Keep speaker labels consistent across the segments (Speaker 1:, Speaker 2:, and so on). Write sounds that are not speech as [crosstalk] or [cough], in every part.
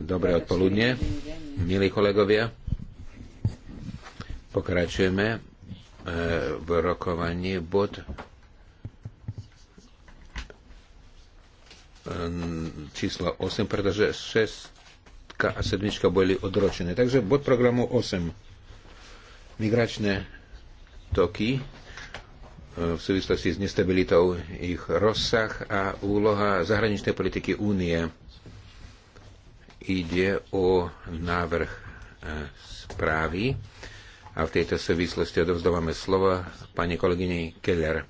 Speaker 1: Dobré odpoludne, milí kolegovia. Pokračujeme e, v rokovaní bod e, číslo 8, pretože 6 a 7 boli odročené. Takže bod programu 8. Migračné toky e, v súvislosti s nestabilitou ich rozsah a úloha zahraničnej politiky únie. Ide o návrh e, správy a v tejto súvislosti odovzdávame slova pani kolegyni Keller.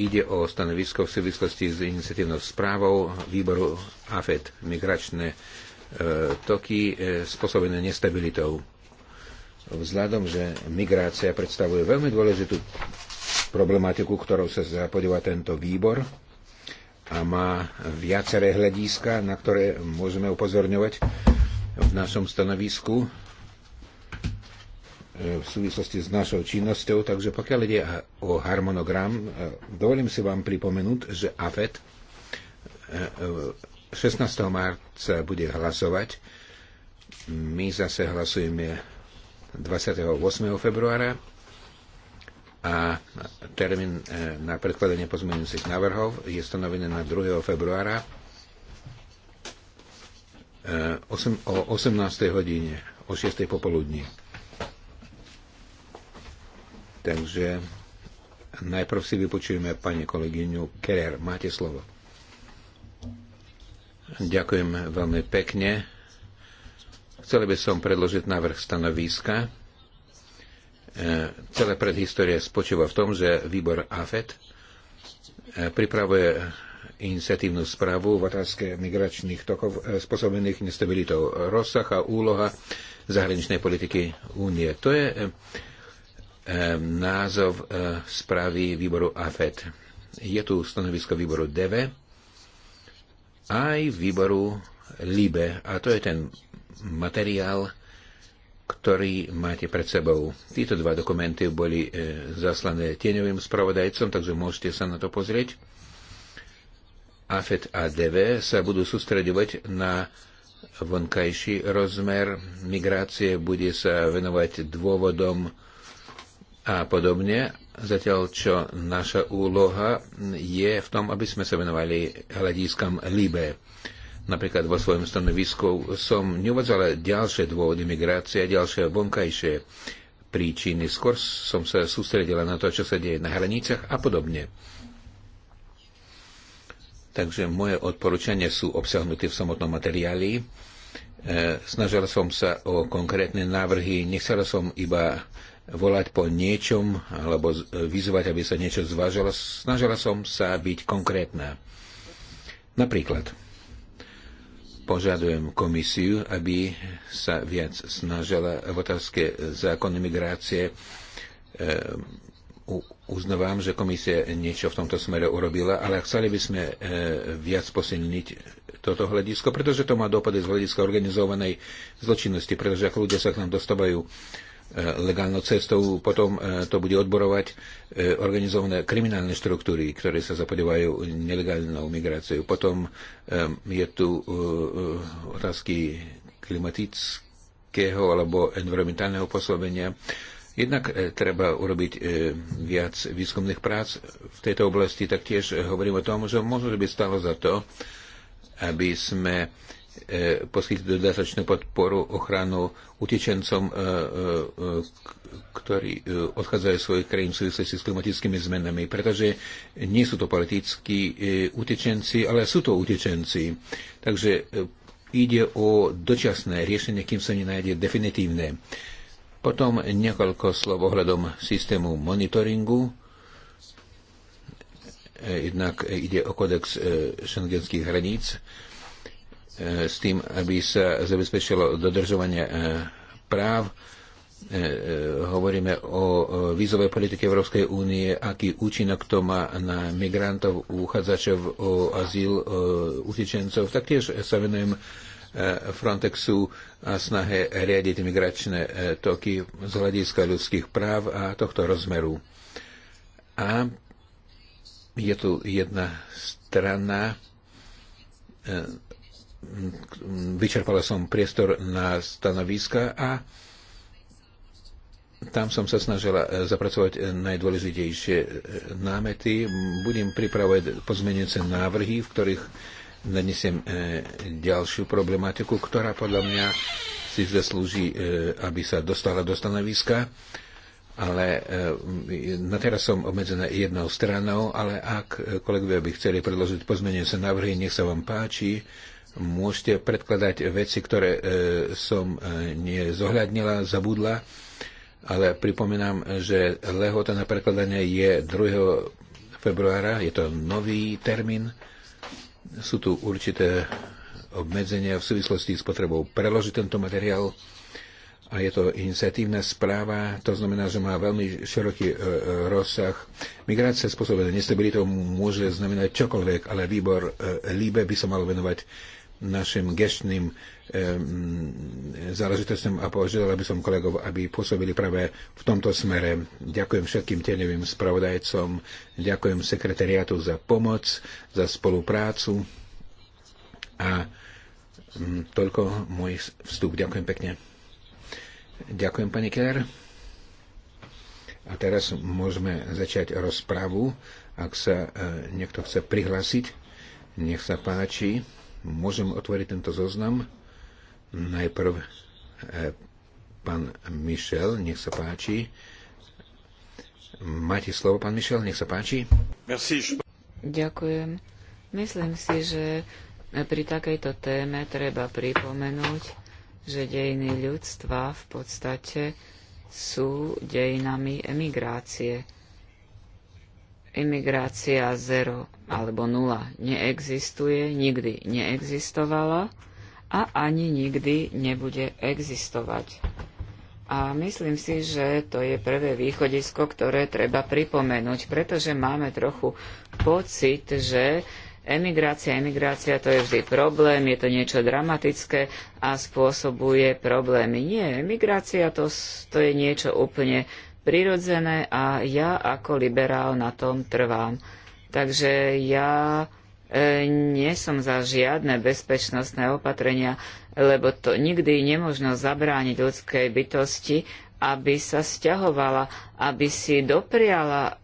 Speaker 1: Ide o stanovisko v súvislosti s iniciatívnou správou výboru AFED migračné e, toky e, spôsobené nestabilitou. Vzhľadom, že migrácia predstavuje veľmi dôležitú problematiku, ktorou sa zapodíva tento výbor, a má viaceré hľadiska, na ktoré môžeme upozorňovať v našom stanovisku e, v súvislosti s našou činnosťou. Takže pokiaľ ide o harmonogram, e, dovolím si vám pripomenúť, že AFET 16. E, marca bude hlasovať. My zase hlasujeme 28. februára a termín e, na predkladanie pozmeňujúcich návrhov je stanovený na 2. februára e, o 18. hodine, o 6. popoludní. Takže najprv si vypočujeme pani kolegyňu Kerer. Máte slovo. Ďakujem veľmi pekne. Chcel by som predložiť návrh stanoviska E, celá predhistória spočíva v tom, že výbor AFET e, pripravuje iniciatívnu správu v otázke migračných tokov e, spôsobených nestabilitou rozsah a úloha zahraničnej politiky únie. To je názov správy výboru AFET. Je tu stanovisko výboru DV aj výboru LIBE a to je ten materiál, ktorý máte pred sebou. Títo dva dokumenty boli e, zaslané tieňovým spravodajcom, takže môžete sa na to pozrieť. AFET a e DV sa budú sústredovať na vonkajší rozmer migrácie, bude sa venovať dôvodom a podobne, zatiaľ čo naša úloha je v tom, aby sme sa venovali hľadiskam Libe. Napríklad vo svojom stanovisku som neuvádzal ďalšie dôvody migrácie a ďalšie vonkajšie príčiny. Skôr som sa sústredila na to, čo sa deje na hranicách a podobne. Takže moje odporúčania sú obsahnuté v samotnom materiáli. E, Snažila som sa o konkrétne návrhy, nechcela som iba volať po niečom alebo vyzvať, aby sa niečo zvážalo. Snažila som sa byť konkrétna. Napríklad, požadujem komisiu, aby sa viac snažila v otázke zákonu migrácie. E, uznávam, že komisia niečo v tomto smere urobila, ale chceli by sme e, viac posilniť toto hľadisko, pretože to má dopady z hľadiska organizovanej zločinnosti, pretože ak ľudia sa k nám dostávajú E, legálnou cestou, potom e, to bude odborovať e, organizované kriminálne štruktúry, ktoré sa zapodievajú nelegálnou migráciou. Potom je tu otázky klimatického alebo environmentálneho pôsobenia. Jednak treba urobiť viac výskumných prác v tejto oblasti, taktiež hovorím o tom, že možno by stalo za to, aby sme E, poskytli dodatočnú podporu ochranu utečencom, e, e, ktorí odchádzajú z svojich krajín v súvislosti s klimatickými zmenami, pretože nie sú to politickí utečenci, ale sú to utečenci. Takže ide o dočasné riešenie, kým sa nenájde definitívne. Potom niekoľko slov ohľadom systému monitoringu. Jednak ide o kodex šengenských hraníc Eh, s tým, aby sa zabezpečilo dodržovanie eh, práv. Eh, hovoríme o vízovej politike Európskej únie, aký účinok to má na migrantov, uchádzačov o azyl, utečencov. Taktiež sa venujem Frontexu a snahe riadiť migračné toky z hľadiska ľudských práv a tohto rozmeru. A je tu jedna strana vyčerpala som priestor na stanoviska a tam som sa snažila eh, zapracovať eh, najdôležitejšie eh, námety. Budem pripravovať pozmenujúce návrhy, v ktorých nanesiem ďalšiu problematiku, ktorá podľa mňa si zaslúži, aby sa dostala do stanoviska. Ale na teraz som obmedzená jednou stranou, ale ak kolegovia by chceli predložiť pozmenujúce návrhy, nech sa vám páči môžete predkladať veci, ktoré e, som e, nezohľadnila, zabudla, ale pripomínam, že lehota na prekladanie je 2. februára, je to nový termín, sú tu určité obmedzenia v súvislosti s potrebou preložiť tento materiál a je to iniciatívna správa, to znamená, že má veľmi široký e, rozsah. Migrácia spôsobená nestabilitou môže znamenať čokoľvek, ale výbor e, líbe by sa mal venovať našim geštným eh, záležitostiam a požiadal by som kolegov, aby pôsobili práve v tomto smere. Ďakujem všetkým tenevým spravodajcom, ďakujem sekretariátu za pomoc, za spoluprácu a hm, toľko môj vstup. Ďakujem pekne. Ďakujem, pani Keller. A teraz môžeme začať rozpravu. Ak sa eh, niekto chce prihlásiť, nech sa páči. Môžem otvoriť tento zoznam. Najprv eh, pán Michel, nech sa páči. Máte slovo, pán Michel, nech sa páči.
Speaker 2: Merci. Ďakujem. Myslím si, že pri takejto téme treba pripomenúť, že dejiny ľudstva v podstate sú dejinami emigrácie imigrácia zero alebo nula neexistuje, nikdy neexistovala a ani nikdy nebude existovať. A myslím si, že to je prvé východisko, ktoré treba pripomenúť, pretože máme trochu pocit, že emigrácia, emigrácia to je vždy problém, je to niečo dramatické a spôsobuje problémy. Nie, emigrácia to, to je niečo úplne prirodzené a ja ako liberál na tom trvám. Takže ja e, nie som za žiadne bezpečnostné opatrenia, lebo to nikdy nemožno zabrániť ľudskej bytosti, aby sa sťahovala, aby si dopriala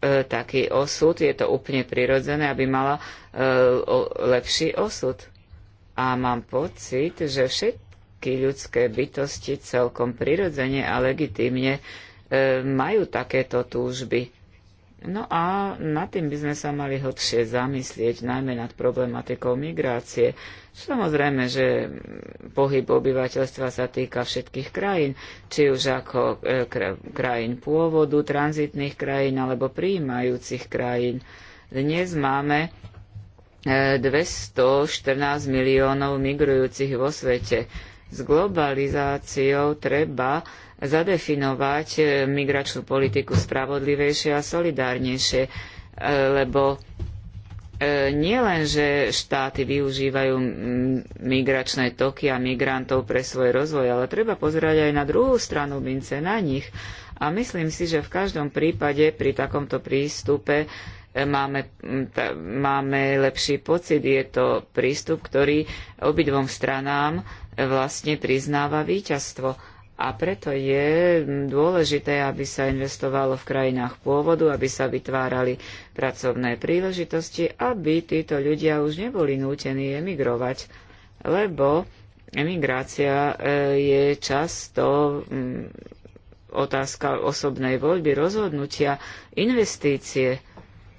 Speaker 2: e, taký osud, je to úplne prirodzené, aby mala e, o, lepší osud. A mám pocit, že všetky ľudské bytosti celkom prirodzene a legitímne E, majú takéto túžby. No a nad tým by sme sa mali hlbšie zamyslieť, najmä nad problematikou migrácie. Samozrejme, že pohyb obyvateľstva sa týka všetkých krajín, či už ako e, krajín pôvodu, tranzitných krajín alebo príjmajúcich krajín. Dnes máme 214 e, miliónov migrujúcich vo svete. S globalizáciou treba zadefinovať e, migračnú politiku spravodlivejšie a solidárnejšie, e, lebo e, nie len, že štáty využívajú migračné toky a migrantov pre svoj rozvoj, ale treba pozerať aj na druhú stranu mince, na nich. A myslím si, že v každom prípade pri takomto prístupe máme, máme lepší pocit. Je to prístup, ktorý obidvom stranám vlastne priznáva víťazstvo a preto je dôležité, aby sa investovalo v krajinách pôvodu, aby sa vytvárali pracovné príležitosti, aby títo ľudia už neboli nútení emigrovať, lebo emigrácia e, je často mm, otázka osobnej voľby, rozhodnutia, investície.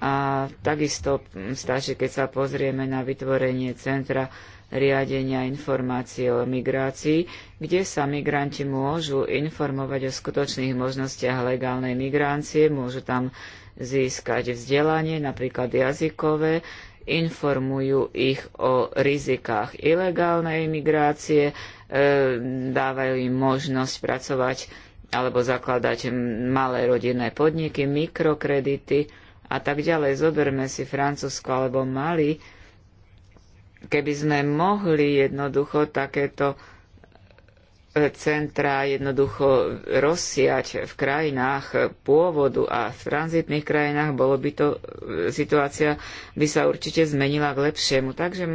Speaker 2: A takisto mm, stačí, keď sa pozrieme na vytvorenie centra riadenia informácií o migrácii, kde sa migranti môžu informovať o skutočných možnostiach legálnej migrácie, môžu tam získať vzdelanie, napríklad jazykové, informujú ich o rizikách ilegálnej migrácie, e, dávajú im možnosť pracovať alebo zakladať malé rodinné podniky, mikrokredity a tak ďalej. Zoberme si Francúzsko alebo Mali, keby sme mohli jednoducho takéto e, centra jednoducho rozsiať v krajinách pôvodu a v tranzitných krajinách, bolo by to, e, situácia by sa určite zmenila k lepšiemu. Takže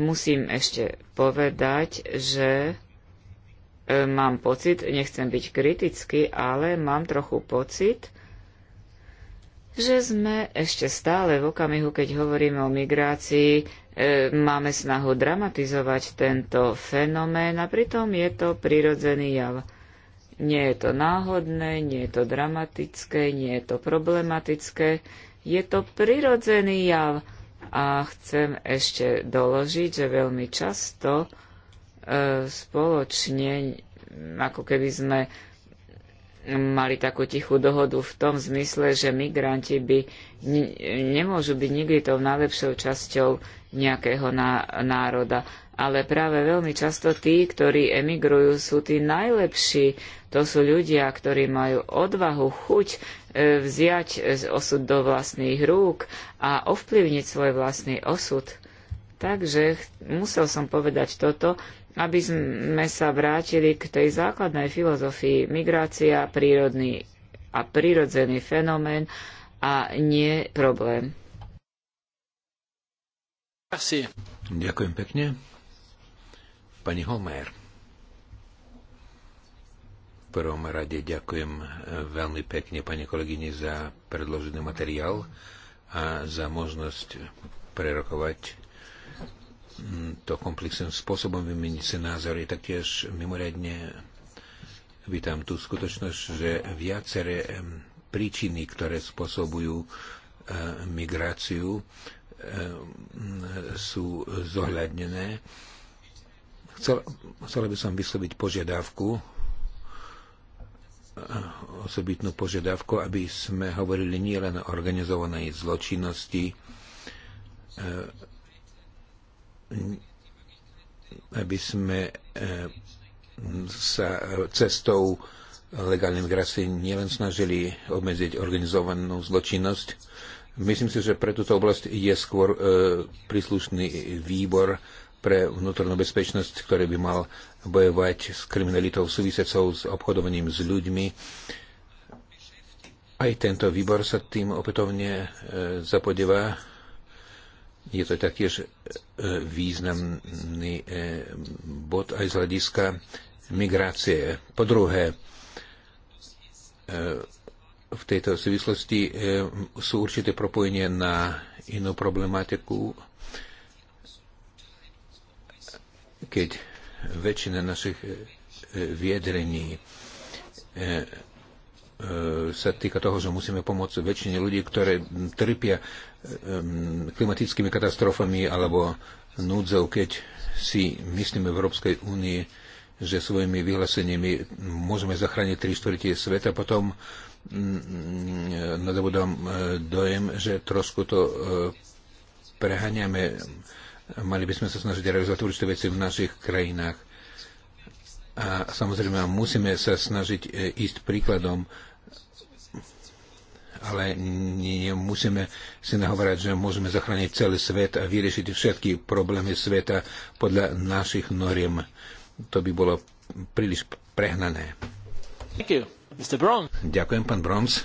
Speaker 2: musím ešte povedať, že e, mám pocit, nechcem byť kritický, ale mám trochu pocit, že sme ešte stále v okamihu, keď hovoríme o migrácii, e, máme snahu dramatizovať tento fenomén a pritom je to prirodzený jav. Nie je to náhodné, nie je to dramatické, nie je to problematické, je to prirodzený jav. A chcem ešte doložiť, že veľmi často e, spoločne, ako keby sme mali takú tichú dohodu v tom zmysle, že migranti by nemôžu byť nikdy tou najlepšou časťou nejakého národa. Ale práve veľmi často tí, ktorí emigrujú, sú tí najlepší. To sú ľudia, ktorí majú odvahu, chuť e, vziať e, osud do vlastných rúk a ovplyvniť svoj vlastný osud. Takže musel som povedať toto, aby sme sa vrátili k tej základnej filozofii migrácia prírodný a prírodzený fenomén a nie problém.
Speaker 1: Asi. Ďakujem pekne. Pani Homer. V prvom rade ďakujem e, veľmi pekne pani kolegyni za predložený materiál a za možnosť prerokovať Mm, to komplexným spôsobom vymeniť si názory. Taktiež mimoriadne vítam tú skutočnosť, že viaceré príčiny, ktoré spôsobujú e, migráciu, e, sú zohľadnené. Chcel, chcel by som vysloviť požiadavku, e, osobitnú požiadavku, aby sme hovorili nielen o organizovanej zločinnosti, aby sme e, sa cestou legálnej migrácie nielen snažili obmedziť organizovanú zločinnosť. Myslím si, že pre túto oblasť je skôr e, príslušný výbor pre vnútornú bezpečnosť, ktorý by mal bojovať s kriminalitou súvisecou s obchodovaním s ľuďmi. Aj tento výbor sa tým opätovne e, zapodieva. Je to taktiež E, významný e, bod aj z hľadiska migrácie. Po druhé, e, v tejto súvislosti sú určité propojenie na inú problematiku, keď väčšina našich viedrení sa týka toho, že musíme pomôcť väčšine ľudí, ktoré trpia klimatickými katastrofami alebo núdzou, keď si myslíme v Európskej únii, že svojimi vyhláseniami môžeme zachrániť tri štvrtie sveta, potom mm, nadobudám e, dojem, že trošku to e, preháňame. Mali by sme sa snažiť realizovať určité veci v našich krajinách. A samozrejme musíme sa snažiť e, ísť príkladom ale musíme si nahovárať, že môžeme zachrániť celý svet a vyriešiť všetky problémy sveta podľa našich noriem. To by bolo príliš prehnané. Ďakujem, pán Brons.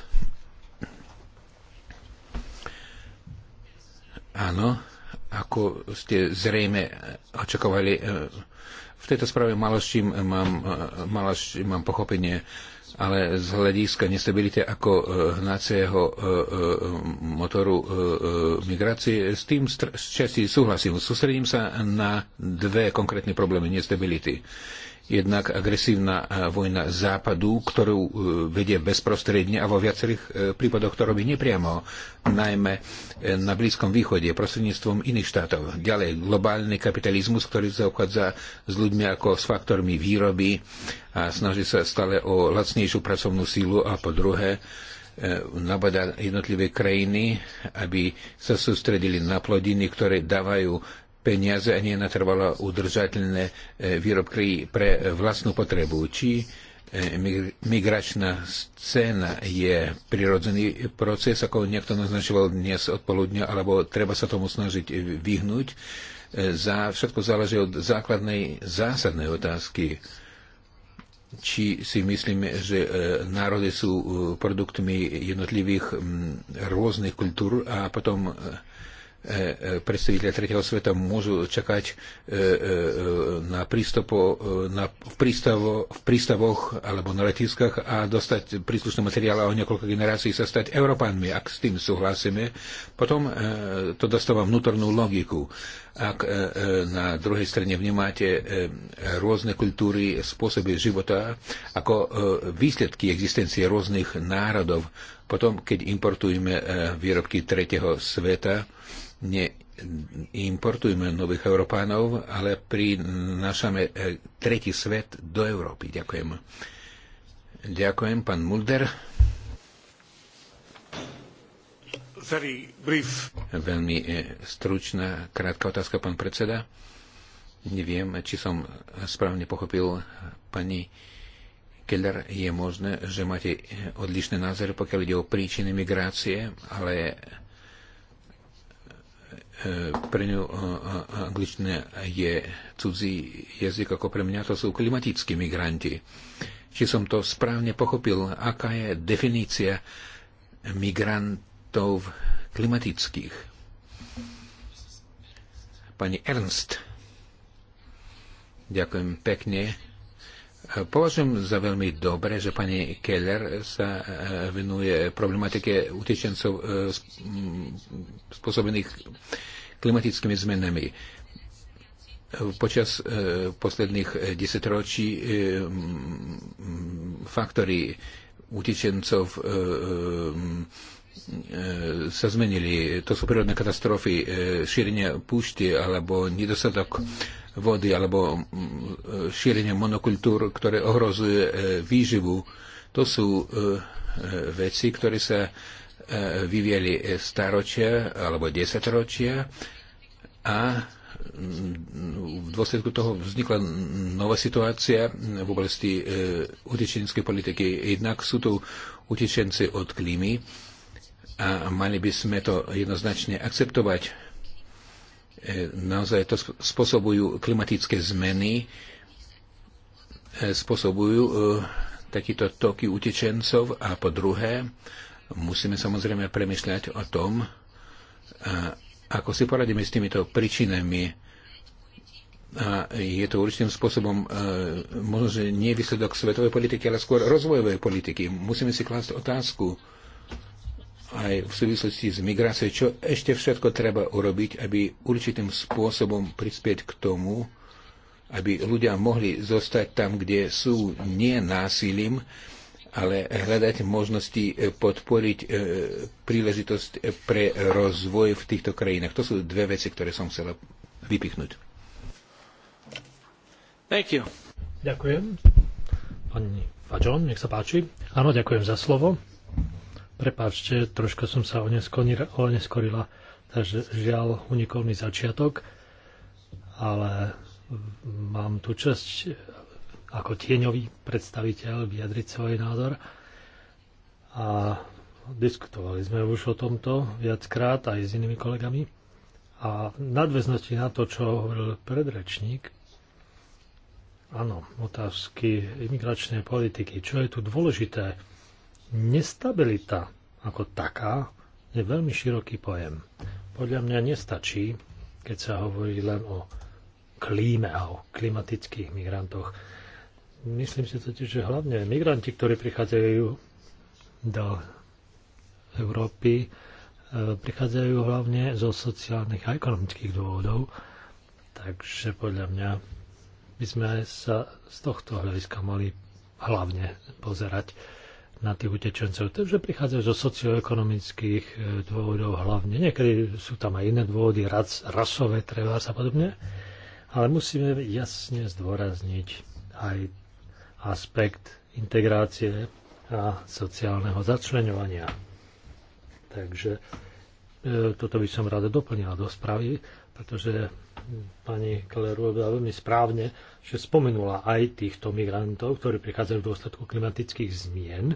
Speaker 1: Áno, ako ste zrejme očakovali, eh, v tejto správe malo s čím mám, eh, malo s čím mám pochopenie ale z hľadiska nestability ako e, hnacieho e, e, motoru migrácie, s tým z časti súhlasím. Sústredím sa na dve konkrétne problémy nestability. Jednak agresívna e, vojna západu, ktorú e, vedie bezprostredne a vo viacerých e, prípadoch to robí nepriamo, najmä na Blízkom východe prostredníctvom iných štátov. Ďalej globálny kapitalizmus, ktorý obchádza s ľuďmi ako s faktormi výroby a snaží sa stále o lacnejšiu pracovnú sílu a po druhé nabada jednotlivé krajiny, aby sa sústredili na plodiny, ktoré dávajú peniaze a nie na trvalo udržateľné e, výrobky pre vlastnú potrebu. Či e, migračná scéna je prirodzený proces, ako niekto naznačoval dnes odpoludne, alebo treba sa tomu snažiť vyhnúť. E, za, všetko záleží od základnej zásadnej otázky, či si myslíme, že národy sú produktmi jednotlivých rôznych kultúr a potom E, e, predstaviteľe tretieho sveta môžu čakať e, na, prístupo, na, v, prístavo, v prístavoch alebo na letiskách a dostať príslušné materiál a o niekoľko generácií sa stať Európanmi, ak s tým súhlasíme. Potom to dostáva vnútornú logiku. Ak e, e, na druhej strane vnímate e, rôzne kultúry, spôsoby života ako výsledky existencie rôznych národov, potom, keď importujeme výrobky tretieho sveta, neimportujeme nových Európanov, ale prinášame tretí svet do Európy. Ďakujem. Ďakujem, pán Mulder. Veľmi e, stručná, krátka otázka, pán predseda. Neviem, či som správne pochopil pani Keller. Je možné, že máte e, odlišné názory, pokiaľ ide o príčiny migrácie, ale e, pre ňu angličtina je cudzí jazyk ako pre mňa, to sú klimatickí migranti. Či som to správne pochopil, aká je definícia migrant aspektov klimatických. Pani Ernst, ďakujem pekne. Považujem za veľmi dobre, že pani Keller sa e, venuje problematike utečencov e, spôsobených klimatickými zmenami. Počas e, posledných desetročí faktory utečencov E, sa zmenili. To sú prírodné katastrofy, e, šírenie púšti alebo nedostatok vody alebo e, šírenie monokultúr, ktoré ohrozuje výživu. To sú veci, ktoré sa vyvieli staročia alebo desaťročia a v dôsledku toho vznikla nová situácia v oblasti utečenskej politiky. Jednak sú tu utečenci od klímy, a mali by sme to jednoznačne akceptovať. E, naozaj to spôsobujú klimatické zmeny, e, spôsobujú e, takýto toky utečencov a po druhé musíme samozrejme premyšľať o tom, ako si poradíme s týmito príčinami. A je to určitým spôsobom možno, že nie výsledok svetovej politiky, ale skôr rozvojovej politiky. Musíme si klásť otázku, aj v súvislosti s migráciou, čo ešte všetko treba urobiť, aby určitým spôsobom prispieť k tomu, aby ľudia mohli zostať tam, kde sú nie násilím, ale hľadať možnosti e, podporiť e, príležitosť pre rozvoj v týchto krajinách. To sú dve veci, ktoré som chcela vypichnúť.
Speaker 3: Thank you. Ďakujem. Pani Fajon, nech sa páči. Áno, ďakujem za slovo. Prepáčte, troška som sa oneskorila, takže žiaľ, unikol mi začiatok, ale mám tu časť eh, ako tieňový predstaviteľ vyjadriť svoj názor. A diskutovali sme už o tomto viackrát aj s inými kolegami. A v nadväznosti na to, čo hovoril predrečník, áno, otázky imigračnej politiky. Čo je tu dôležité? Nestabilita ako taká je veľmi široký pojem. Podľa mňa nestačí, keď sa hovorí len o klíme a o klimatických migrantoch. Myslím si totiž, že hlavne migranti, ktorí prichádzajú do Európy, e, prichádzajú hlavne zo sociálnych a ekonomických dôvodov. Takže podľa mňa by sme sa z tohto hľadiska mali hlavne pozerať na tých utečencov. Takže prichádzajú zo socioekonomických e, dôvodov hlavne. Niekedy sú tam aj iné dôvody, ras, rasové treba a podobne. Ale musíme jasne zdôrazniť aj aspekt integrácie a sociálneho začlenovania. Takže e, toto by som rada doplnila do správy, pretože pani Kalerová veľmi správne, že spomenula aj týchto migrantov, ktorí prichádzajú v dôsledku klimatických zmien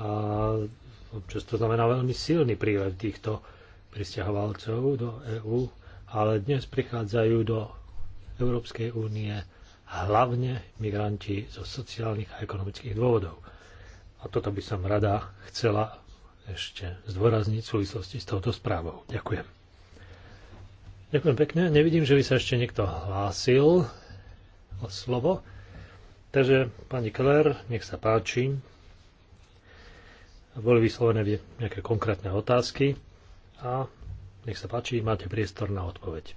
Speaker 3: a občas to znamená veľmi silný prílev týchto pristahovalcov do EÚ, ale dnes prichádzajú do Európskej únie hlavne migranti zo sociálnych a ekonomických dôvodov. A toto by som rada chcela ešte zdôrazniť v súvislosti s touto správou. Ďakujem. Ďakujem pekne. Nevidím, že by sa ešte niekto hlásil o slovo. Takže, pani Keller, nech sa páči boli vyslovené nejaké konkrétne otázky a nech sa páči, máte priestor na odpoveď.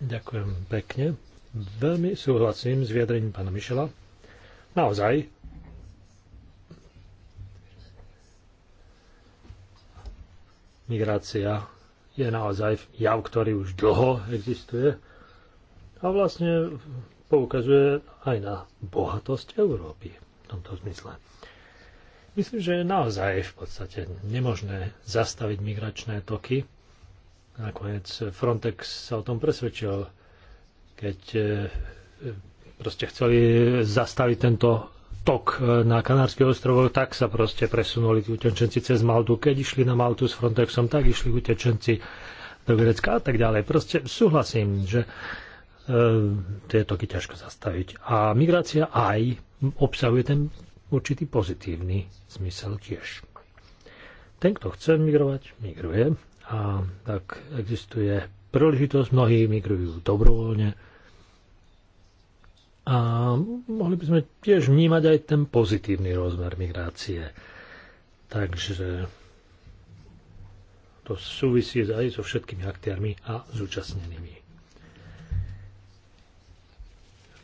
Speaker 3: Ďakujem pekne. Veľmi súhlasím s vyjadrením pána Mišela. Naozaj. Migrácia je naozaj jav, ktorý už dlho existuje a vlastne poukazuje aj na bohatosť Európy v tomto zmysle. Myslím, že je naozaj v podstate nemožné zastaviť migračné toky. Nakoniec Frontex sa o tom presvedčil, keď e, proste chceli zastaviť tento tok e, na Kanárskych ostrovoch, tak sa proste presunuli tí utečenci cez Maltu. Keď išli na Maltu s Frontexom, tak išli utečenci do Grecka a tak ďalej. Proste súhlasím, že e, tie toky ťažko zastaviť. A migrácia aj obsahuje ten určitý pozitívny zmysel tiež. Ten, kto chce migrovať, migruje a tak existuje príležitosť, mnohí migrujú dobrovoľne a mohli by sme tiež vnímať aj ten pozitívny rozmer migrácie. Takže to súvisí aj so všetkými aktérmi a zúčastnenými.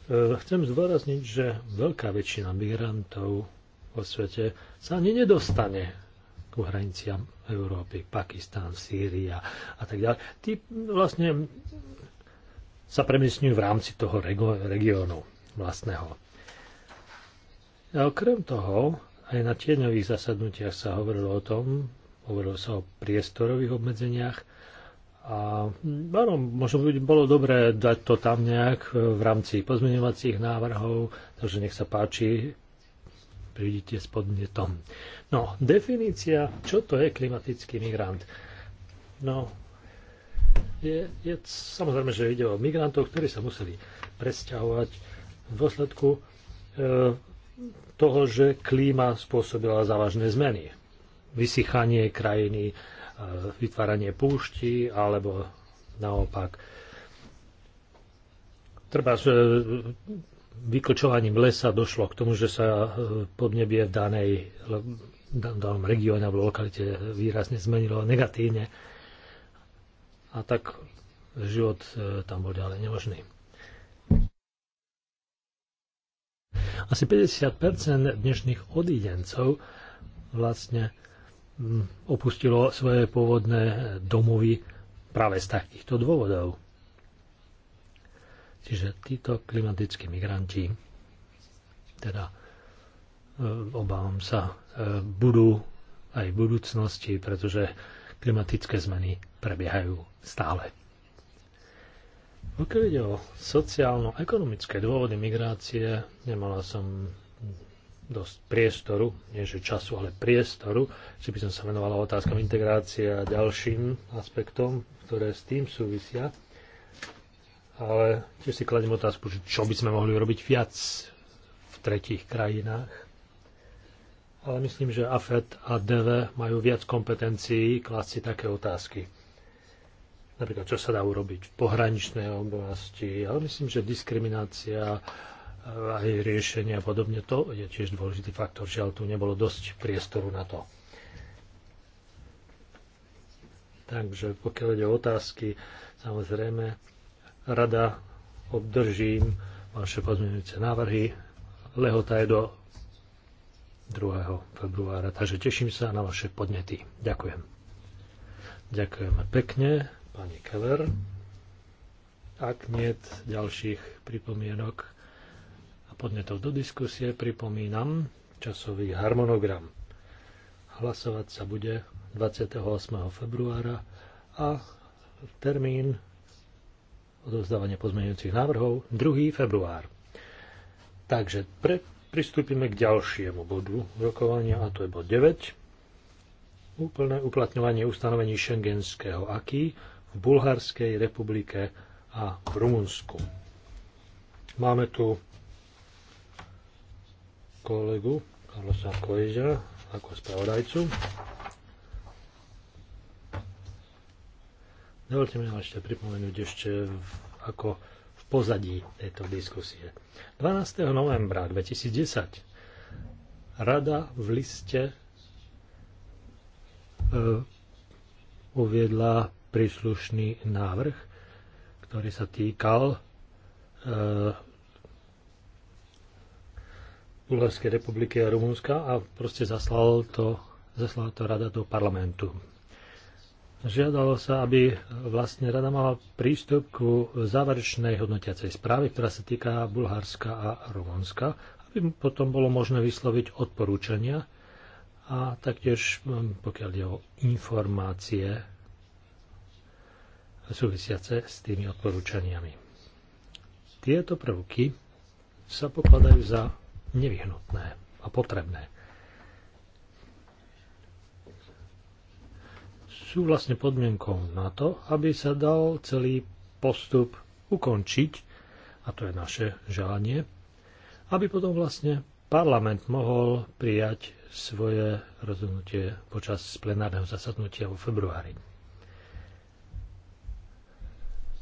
Speaker 3: E, chcem zdôrazniť, že veľká väčšina migrantov vo svete sa ani nedostane ku hraniciam Európy, Pakistán, Sýria a tak ďalej. Tí vlastne sa premiesňujú v rámci toho regiónu vlastného. A okrem toho, aj na tieňových zasadnutiach sa hovorilo o tom, hovorilo sa o priestorových obmedzeniach, a áno, možno by bolo dobré dať to tam nejak e, v rámci pozmeňovacích návrhov, takže nech sa páči, prídite s podnetom. No, definícia, čo to je klimatický migrant? No, je, je samozrejme, že ide o migrantov, ktorí sa museli presťahovať v dôsledku e, toho, že klíma spôsobila závažné zmeny. Vysychanie krajiny, vytváranie púšti alebo naopak treba vyklčovaním lesa došlo k tomu, že sa e, podnebie v danej v danom regióne alebo lokalite výrazne zmenilo negatívne a tak život e, tam bol ďalej nemožný. Asi 50% dnešných odídencov vlastne opustilo svoje pôvodné domovy práve z takýchto dôvodov. Čiže títo klimatickí migranti, teda e, obávam sa, e, budú aj v budúcnosti, pretože klimatické zmeny prebiehajú stále. Pokiaľ ide o sociálno-ekonomické dôvody migrácie, nemala som dosť priestoru, nie že času, ale priestoru, či by som sa venovala otázkam integrácie a ďalším aspektom, ktoré s tým súvisia. Ale tiež si kladím otázku, čo by sme mohli robiť viac v tretích krajinách. Ale myslím, že AFET a DV majú viac kompetencií klásť si také otázky. Napríklad, čo sa dá urobiť v pohraničnej oblasti, ale myslím, že diskriminácia aj riešenia a podobne, to je tiež dôležitý faktor, žiaľ tu nebolo dosť priestoru na to. Takže pokiaľ ide o otázky, samozrejme, rada obdržím vaše pozmeňujúce návrhy. Lehota je do 2. februára, takže teším sa na vaše podnety. Ďakujem. Ďakujeme pekne, pani Keller. Ak nie ďalších pripomienok, podnetov do diskusie, pripomínam časový harmonogram. Hlasovať sa bude 28. februára a termín odovzdávania pozmeňujúcich návrhov 2. február. Takže pre, pristúpime k ďalšiemu bodu rokovania a to je bod 9. Úplné uplatňovanie ustanovení šengenského aký v Bulharskej republike a v Rumunsku. Máme tu kolegu Karlosa Koeža ako spravodajcu. Dovolte mi ešte pripomenúť ešte ako v pozadí tejto diskusie. 12. novembra 2010 Rada v liste e, uviedla príslušný návrh, ktorý sa týkal e, Bulharskej republiky a Rumunska a proste zaslal to, zaslala to rada do parlamentu. Žiadalo sa, aby vlastne rada mala prístup k záverečnej hodnotiacej správe, ktorá sa týka Bulharska a Rumunska, aby potom bolo možné vysloviť odporúčania a taktiež, pokiaľ je o informácie súvisiace s tými odporúčaniami. Tieto prvky sa pokladajú za nevyhnutné a potrebné. Sú vlastne podmienkou na to, aby sa dal celý postup ukončiť, a to je naše želanie, aby potom vlastne parlament mohol prijať svoje rozhodnutie počas plenárneho zasadnutia vo februári.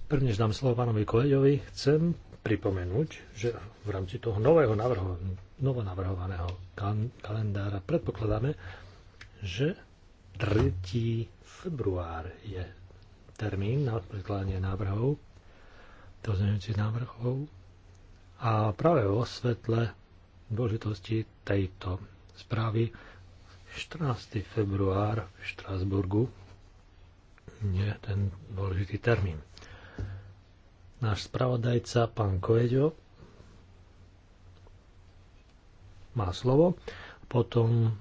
Speaker 3: Prvnež dám slovo pánovi Koleďovi, chcem pripomenúť, že v rámci toho nového navrho, novonavrhovaného kalendára predpokladáme, že 3. február je termín na predkladanie návrhov, pozmeňujúcich návrhov a práve vo svetle dôležitosti tejto správy 14. február v Štrásburgu je ten dôležitý termín. Náš spravodajca, pán Koeďo, má slovo. Potom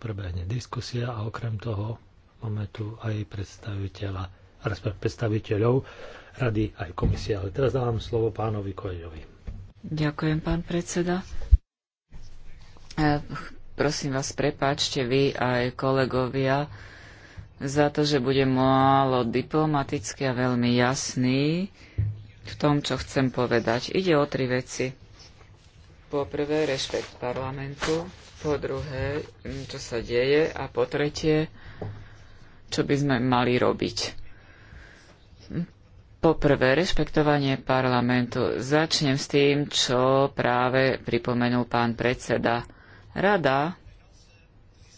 Speaker 3: prebehne diskusia a okrem toho máme tu aj predstaviteľa, predstaviteľov rady aj komisie. Ale teraz dávam slovo pánovi Koeďovi.
Speaker 2: Ďakujem, pán predseda. Eh, prosím vás, prepáčte vy aj kolegovia za to, že budem málo diplomatický a veľmi jasný v tom, čo chcem povedať. Ide o tri veci. Po prvé, rešpekt parlamentu, po druhé, čo sa deje a po tretie, čo by sme mali robiť. Poprvé, rešpektovanie parlamentu. Začnem s tým, čo práve pripomenul pán predseda. Rada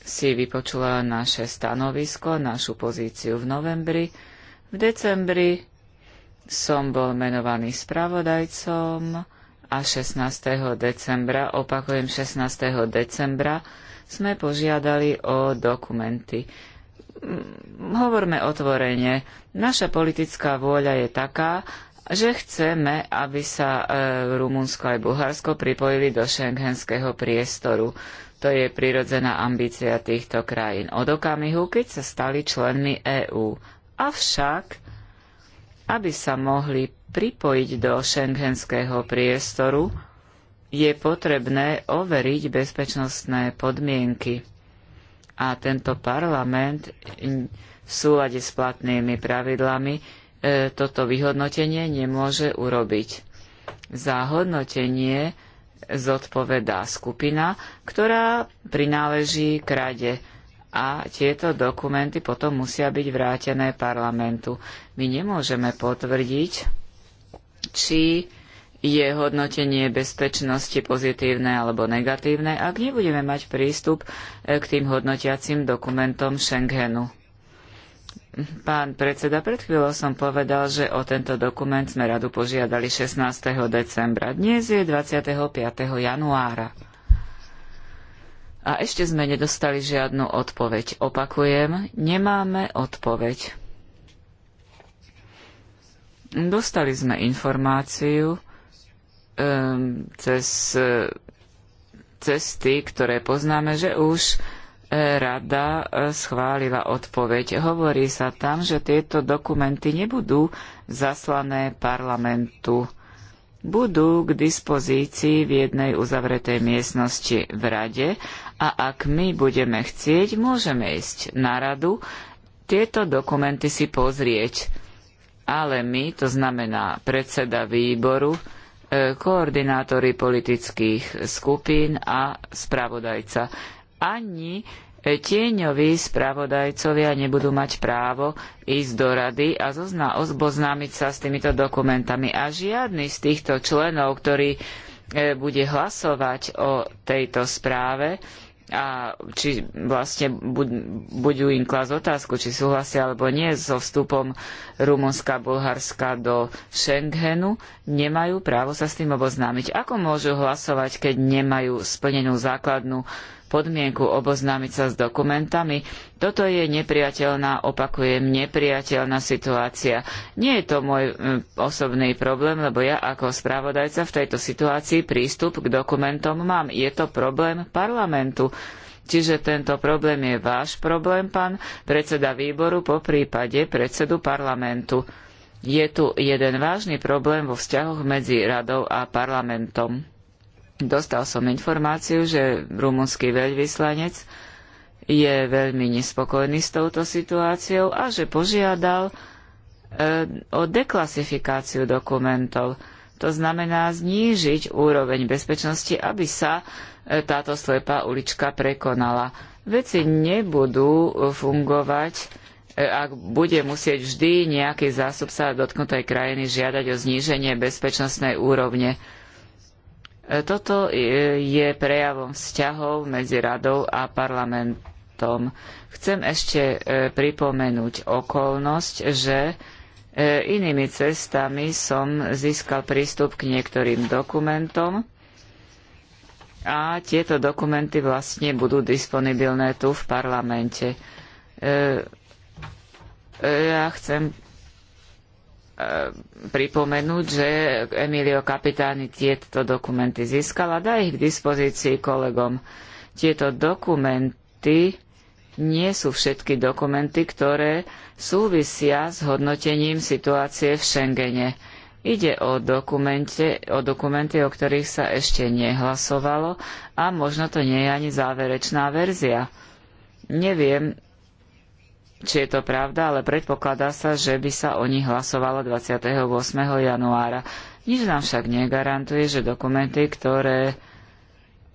Speaker 2: si vypočula naše stanovisko, našu pozíciu v novembri. V decembri som bol menovaný spravodajcom a 16. decembra, opakujem 16. decembra, sme požiadali o dokumenty. Mm, hovorme otvorene, naša politická vôľa je taká, že chceme, aby sa e, Rumunsko aj Bulharsko pripojili do šengenského priestoru. To je prirodzená ambícia týchto krajín od okamihu, keď sa stali členmi EÚ. Avšak aby sa mohli pripojiť do šengenského priestoru, je potrebné overiť bezpečnostné podmienky. A tento parlament v súlade s platnými pravidlami e, toto vyhodnotenie nemôže urobiť. Za hodnotenie zodpovedá skupina, ktorá prináleží k rade a tieto dokumenty potom musia byť vrátené parlamentu. My nemôžeme potvrdiť, či je hodnotenie bezpečnosti pozitívne alebo negatívne, ak nebudeme mať prístup e, k tým hodnotiacim dokumentom Schengenu. Pán predseda, pred chvíľou som povedal, že o tento dokument sme radu požiadali 16. decembra. Dnes je 25. januára. A ešte sme nedostali žiadnu odpoveď. Opakujem, nemáme odpoveď. Dostali sme informáciu um, cez cesty, ktoré poznáme, že už e, rada e, schválila odpoveď. Hovorí sa tam, že tieto dokumenty nebudú zaslané parlamentu budú k dispozícii v jednej uzavretej miestnosti v rade a ak my budeme chcieť, môžeme ísť na radu, tieto dokumenty si pozrieť. Ale my, to znamená predseda výboru, e, koordinátori politických skupín a spravodajca. Ani tieňoví spravodajcovia nebudú mať právo ísť do rady a zozna, oboznámiť sa s týmito dokumentami. A žiadny z týchto členov, ktorý e, bude hlasovať o tejto správe, a či vlastne budú im klasť otázku, či súhlasia alebo nie so vstupom Rumunska a Bulharska do Schengenu, nemajú právo sa s tým oboznámiť. Ako môžu hlasovať, keď nemajú splnenú základnú podmienku oboznámiť sa s dokumentami. Toto je nepriateľná, opakujem, nepriateľná situácia. Nie je to môj osobný problém, lebo ja ako spravodajca v tejto situácii prístup k dokumentom mám. Je to problém parlamentu. Čiže tento problém je váš problém, pán predseda výboru, po prípade predsedu parlamentu. Je tu jeden vážny problém vo vzťahoch medzi radou a parlamentom. Dostal som informáciu, že rumunský veľvyslanec je veľmi nespokojný s touto situáciou a že požiadal e, o deklasifikáciu dokumentov. To znamená znížiť úroveň bezpečnosti, aby sa e, táto slepá ulička prekonala. Veci nebudú fungovať, e, ak bude musieť vždy nejaký zástupca dotknutej krajiny žiadať o zníženie bezpečnostnej úrovne. E, toto e, je prejavom vzťahov medzi radou a parlamentom. Chcem ešte e, pripomenúť okolnosť, že inými cestami som získal prístup k niektorým dokumentom a tieto dokumenty vlastne budú disponibilné tu v parlamente. Ja chcem E, pripomenúť, že Emilio Capitani tieto dokumenty získal a dá ich k dispozícii kolegom. Tieto dokumenty nie sú všetky dokumenty, ktoré súvisia s hodnotením situácie v Schengene. Ide o, dokumente, o dokumenty, o ktorých sa ešte nehlasovalo a možno to nie je ani záverečná verzia. Neviem, či je to pravda, ale predpokladá sa, že by sa o nich hlasovalo 28. januára. Nič nám však negarantuje, že dokumenty, ktoré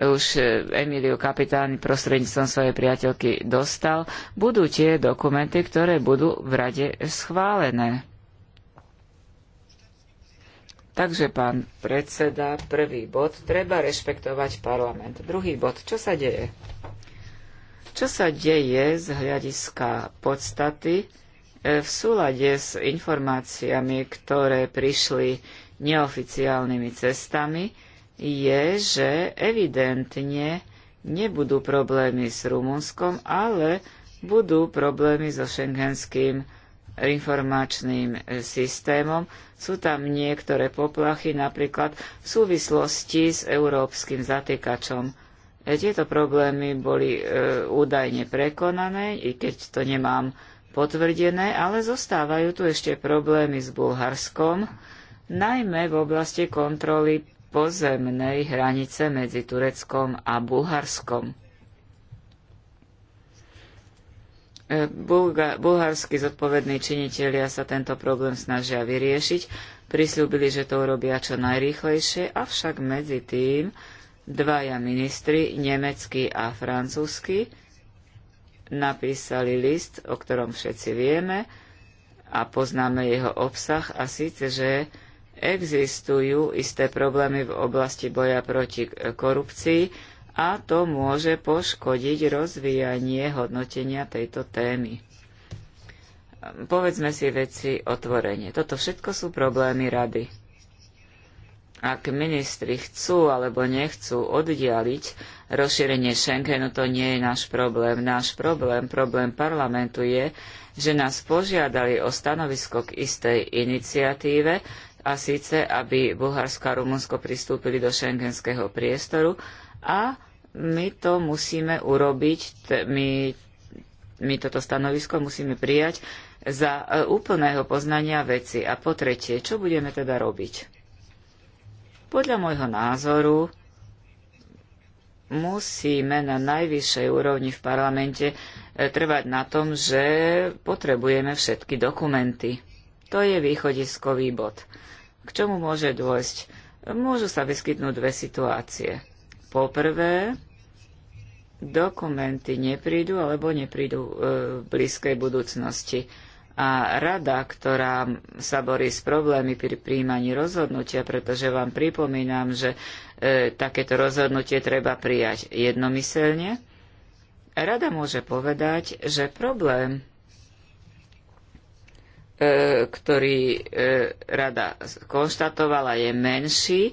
Speaker 2: už e, Emilio Kapitány prostredníctvom svojej priateľky dostal, budú tie dokumenty, ktoré budú v rade schválené. Takže, pán predseda, prvý bod, treba rešpektovať parlament. Druhý bod, čo sa deje? Čo sa deje z hľadiska podstaty e, v súlade s informáciami, ktoré prišli neoficiálnymi cestami, je, že evidentne nebudú problémy s Rumunskom, ale budú problémy so šengenským informačným e, systémom. Sú tam niektoré poplachy, napríklad v súvislosti s európskym zatýkačom. E, tieto problémy boli e, údajne prekonané, i keď to nemám potvrdené, ale zostávajú tu ešte problémy s Bulharskom, najmä v oblasti kontroly pozemnej hranice medzi Tureckom a Bulharskom. E, Bulga, bulharskí zodpovední činitelia sa tento problém snažia vyriešiť, prislúbili, že to urobia čo najrýchlejšie, avšak medzi tým, dvaja ministri, nemecký a francúzsky, napísali list, o ktorom všetci vieme a poznáme jeho obsah a síce, že existujú isté problémy v oblasti boja proti korupcii a to môže poškodiť rozvíjanie hodnotenia tejto témy. Povedzme si veci otvorene. Toto všetko sú problémy rady ak ministri chcú alebo nechcú oddialiť rozšírenie Schengenu, to nie je náš problém. Náš problém, problém parlamentu je, že nás požiadali o stanovisko k istej iniciatíve, a síce, aby Bulharsko a Rumunsko pristúpili do šengenského priestoru a my to musíme urobiť, my, my toto stanovisko musíme prijať za e, úplného poznania veci. A po tretie, čo budeme teda robiť? Podľa môjho názoru musíme na najvyššej úrovni v parlamente e, trvať na tom, že potrebujeme všetky dokumenty. To je východiskový bod. K čomu môže dôjsť? Môžu sa vyskytnúť dve situácie. Poprvé, dokumenty neprídu alebo neprídu e, v blízkej budúcnosti a rada, ktorá sa borí s problémy pri príjmaní rozhodnutia, pretože vám pripomínam, že e, takéto rozhodnutie treba prijať jednomyselne, rada môže povedať, že problém, e, ktorý e, rada konštatovala, je menší,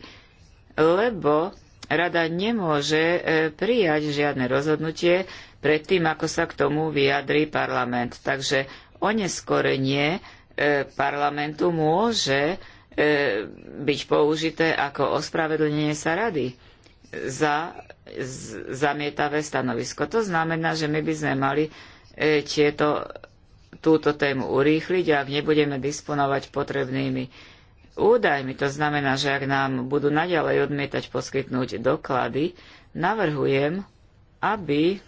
Speaker 2: lebo rada nemôže e, prijať žiadne rozhodnutie predtým, ako sa k tomu vyjadrí parlament. Takže oneskorenie e, parlamentu môže e, byť použité ako ospravedlnenie sa rady za zamietavé stanovisko. To znamená, že my by sme mali e, tieto, túto tému urýchliť, ak nebudeme disponovať potrebnými údajmi. To znamená, že ak nám budú naďalej odmietať poskytnúť doklady, navrhujem, aby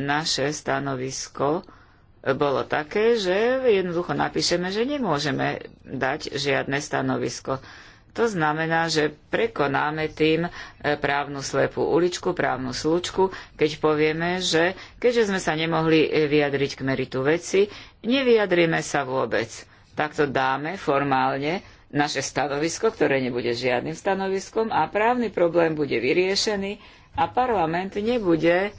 Speaker 2: naše stanovisko bolo také, že jednoducho napíšeme, že nemôžeme dať žiadne stanovisko. To znamená, že prekonáme tým e, právnu slepú uličku, právnu slučku, keď povieme, že keďže sme sa nemohli e, vyjadriť k meritu veci, nevyjadrime sa vôbec. Takto dáme formálne naše stanovisko, ktoré nebude žiadnym stanoviskom a právny problém bude vyriešený a parlament nebude e,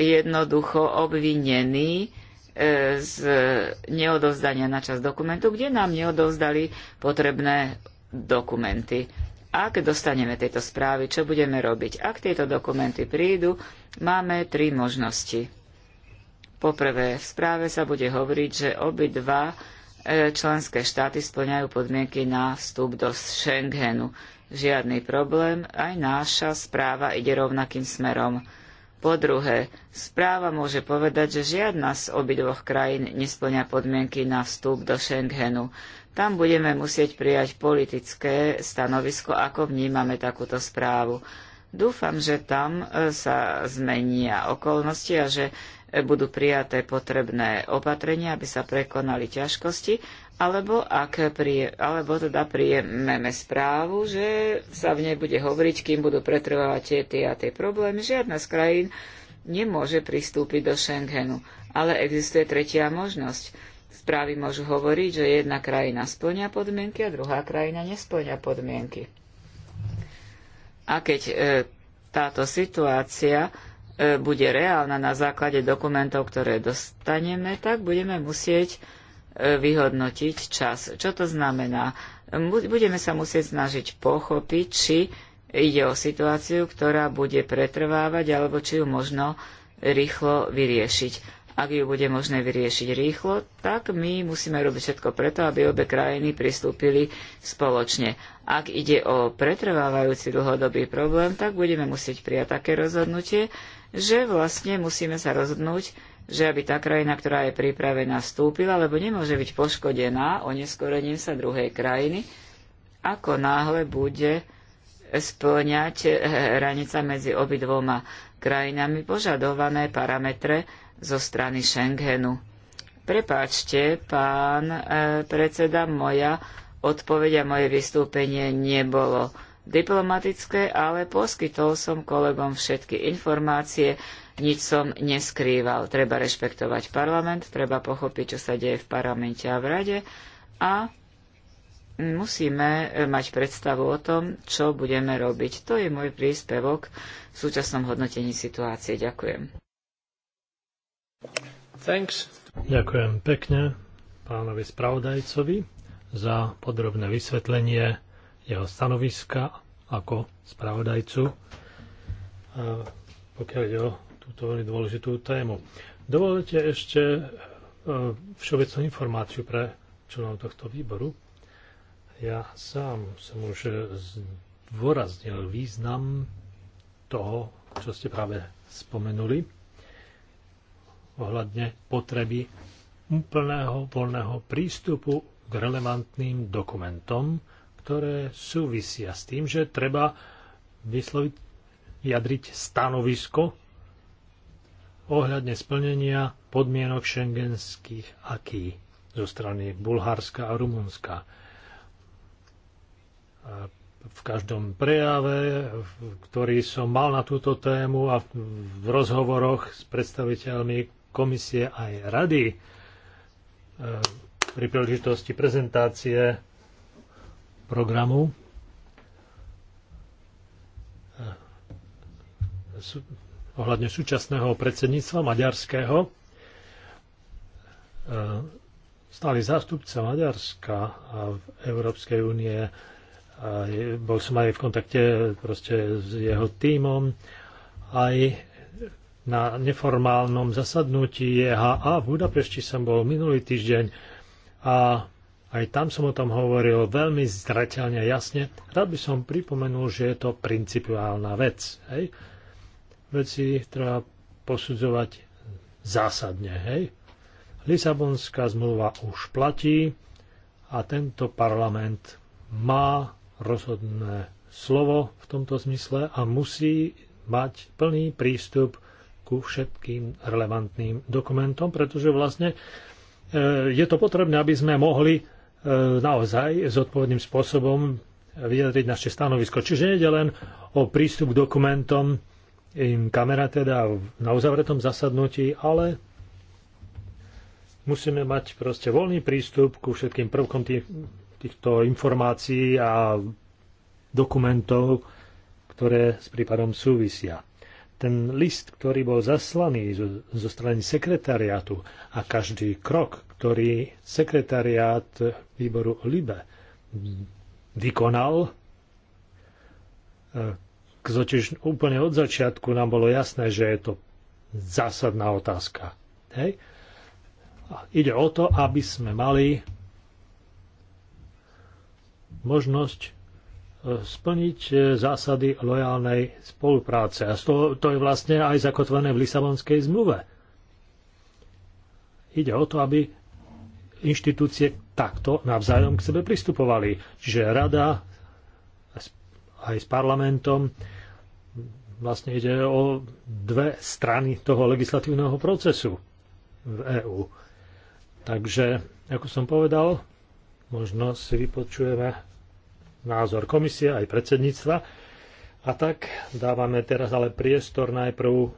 Speaker 2: jednoducho obvinený e, z neodovzdania na čas dokumentu, kde nám neodovzdali potrebné dokumenty. Ak dostaneme tieto správy, čo budeme robiť? Ak tieto dokumenty prídu, máme tri možnosti. Poprvé, v správe sa bude hovoriť, že obidva e, členské štáty splňajú podmienky na vstup do Schengenu. Žiadny problém, aj náša správa ide rovnakým smerom. Po druhé, správa môže povedať, že žiadna z obidvoch krajín nesplňa podmienky na vstup do Schengenu. Tam budeme musieť prijať politické stanovisko, ako vnímame takúto správu. Dúfam, že tam e, sa zmenia okolnosti a že e, budú prijaté potrebné opatrenia, aby sa prekonali ťažkosti alebo, ak prie, alebo teda prijememe správu, že sa v nej bude hovoriť, kým budú pretrvávať tie, tie a tie problémy. Žiadna z krajín nemôže pristúpiť do Schengenu. Ale existuje tretia možnosť. Správy môžu hovoriť, že jedna krajina splňa podmienky a druhá krajina nesplňa podmienky. A keď e, táto situácia e, bude reálna na základe dokumentov, ktoré dostaneme, tak budeme musieť vyhodnotiť čas. Čo to znamená? Budeme sa musieť snažiť pochopiť, či ide o situáciu, ktorá bude pretrvávať, alebo či ju možno rýchlo vyriešiť. Ak ju bude možné vyriešiť rýchlo, tak my musíme robiť všetko preto, aby obe krajiny pristúpili spoločne. Ak ide o pretrvávajúci dlhodobý problém, tak budeme musieť prijať také rozhodnutie, že vlastne musíme sa rozhodnúť, že aby tá krajina, ktorá je pripravená, vstúpila, lebo nemôže byť poškodená oneskorením sa druhej krajiny, ako náhle bude splňať eh, hranica medzi obidvoma krajinami požadované parametre zo strany Schengenu. Prepáčte, pán eh, predseda, moja odpoveď a moje vystúpenie nebolo diplomatické, ale poskytol som kolegom všetky informácie, nič som neskrýval. Treba rešpektovať parlament, treba pochopiť, čo sa deje v parlamente a v rade a musíme mať predstavu o tom, čo budeme robiť. To je môj príspevok v súčasnom hodnotení situácie. Ďakujem. Thanks. Ďakujem
Speaker 3: pekne pánovi spravodajcovi za podrobné vysvetlenie jeho stanoviska ako spravodajcu. pokiaľ ide o túto veľmi dôležitú tému. Dovolte ešte e, všeobecnú informáciu pre členov tohto výboru. Ja sám som už zdôraznil význam toho, čo ste práve spomenuli ohľadne potreby úplného voľného prístupu k relevantným dokumentom, ktoré súvisia s tým, že treba vysloviť, vyjadriť stanovisko ohľadne splnenia podmienok šengenských aký zo strany Bulharska a Rumunska. V každom prejave, ktorý som mal na túto tému a v rozhovoroch s predstaviteľmi komisie aj rady e, pri príležitosti prezentácie programu e, ohľadne súčasného predsedníctva maďarského. E, stály zástupca Maďarska v Európskej únie. Bol som aj v kontakte proste s jeho tímom. Aj na neformálnom zasadnutí EHA v Budapešti som bol minulý týždeň a aj tam som o tom hovoril veľmi zreteľne jasne. Rád by som pripomenul, že je to principiálna vec. Hej? veci treba posudzovať zásadne. Hej? Lisabonská zmluva už platí a tento parlament má rozhodné slovo v tomto zmysle a musí mať plný prístup ku všetkým relevantným dokumentom, pretože vlastne e, je to potrebné, aby sme mohli e, naozaj zodpovedným spôsobom vyjadriť naše stanovisko. Čiže nie len o prístup k dokumentom im kamera teda na uzavretom zasadnutí, ale musíme mať proste voľný prístup ku všetkým prvkom tých, týchto informácií a dokumentov, ktoré s prípadom súvisia. Ten list, ktorý bol zaslaný zo, zo strany sekretariátu a každý krok, ktorý sekretariát výboru LIBE vykonal, e, totiž úplne od začiatku nám bolo jasné, že je to zásadná otázka. Hej? A ide o to, aby sme mali možnosť e, splniť e, zásady lojálnej spolupráce. A to, to je vlastne aj zakotvené v Lisabonskej zmluve. Ide o to, aby inštitúcie takto navzájom k sebe pristupovali. Čiže rada, aj s parlamentom. Vlastne ide o dve strany toho legislatívneho procesu v EÚ. Takže, ako som povedal, možno si vypočujeme názor komisie aj predsedníctva. A tak dávame teraz ale priestor najprv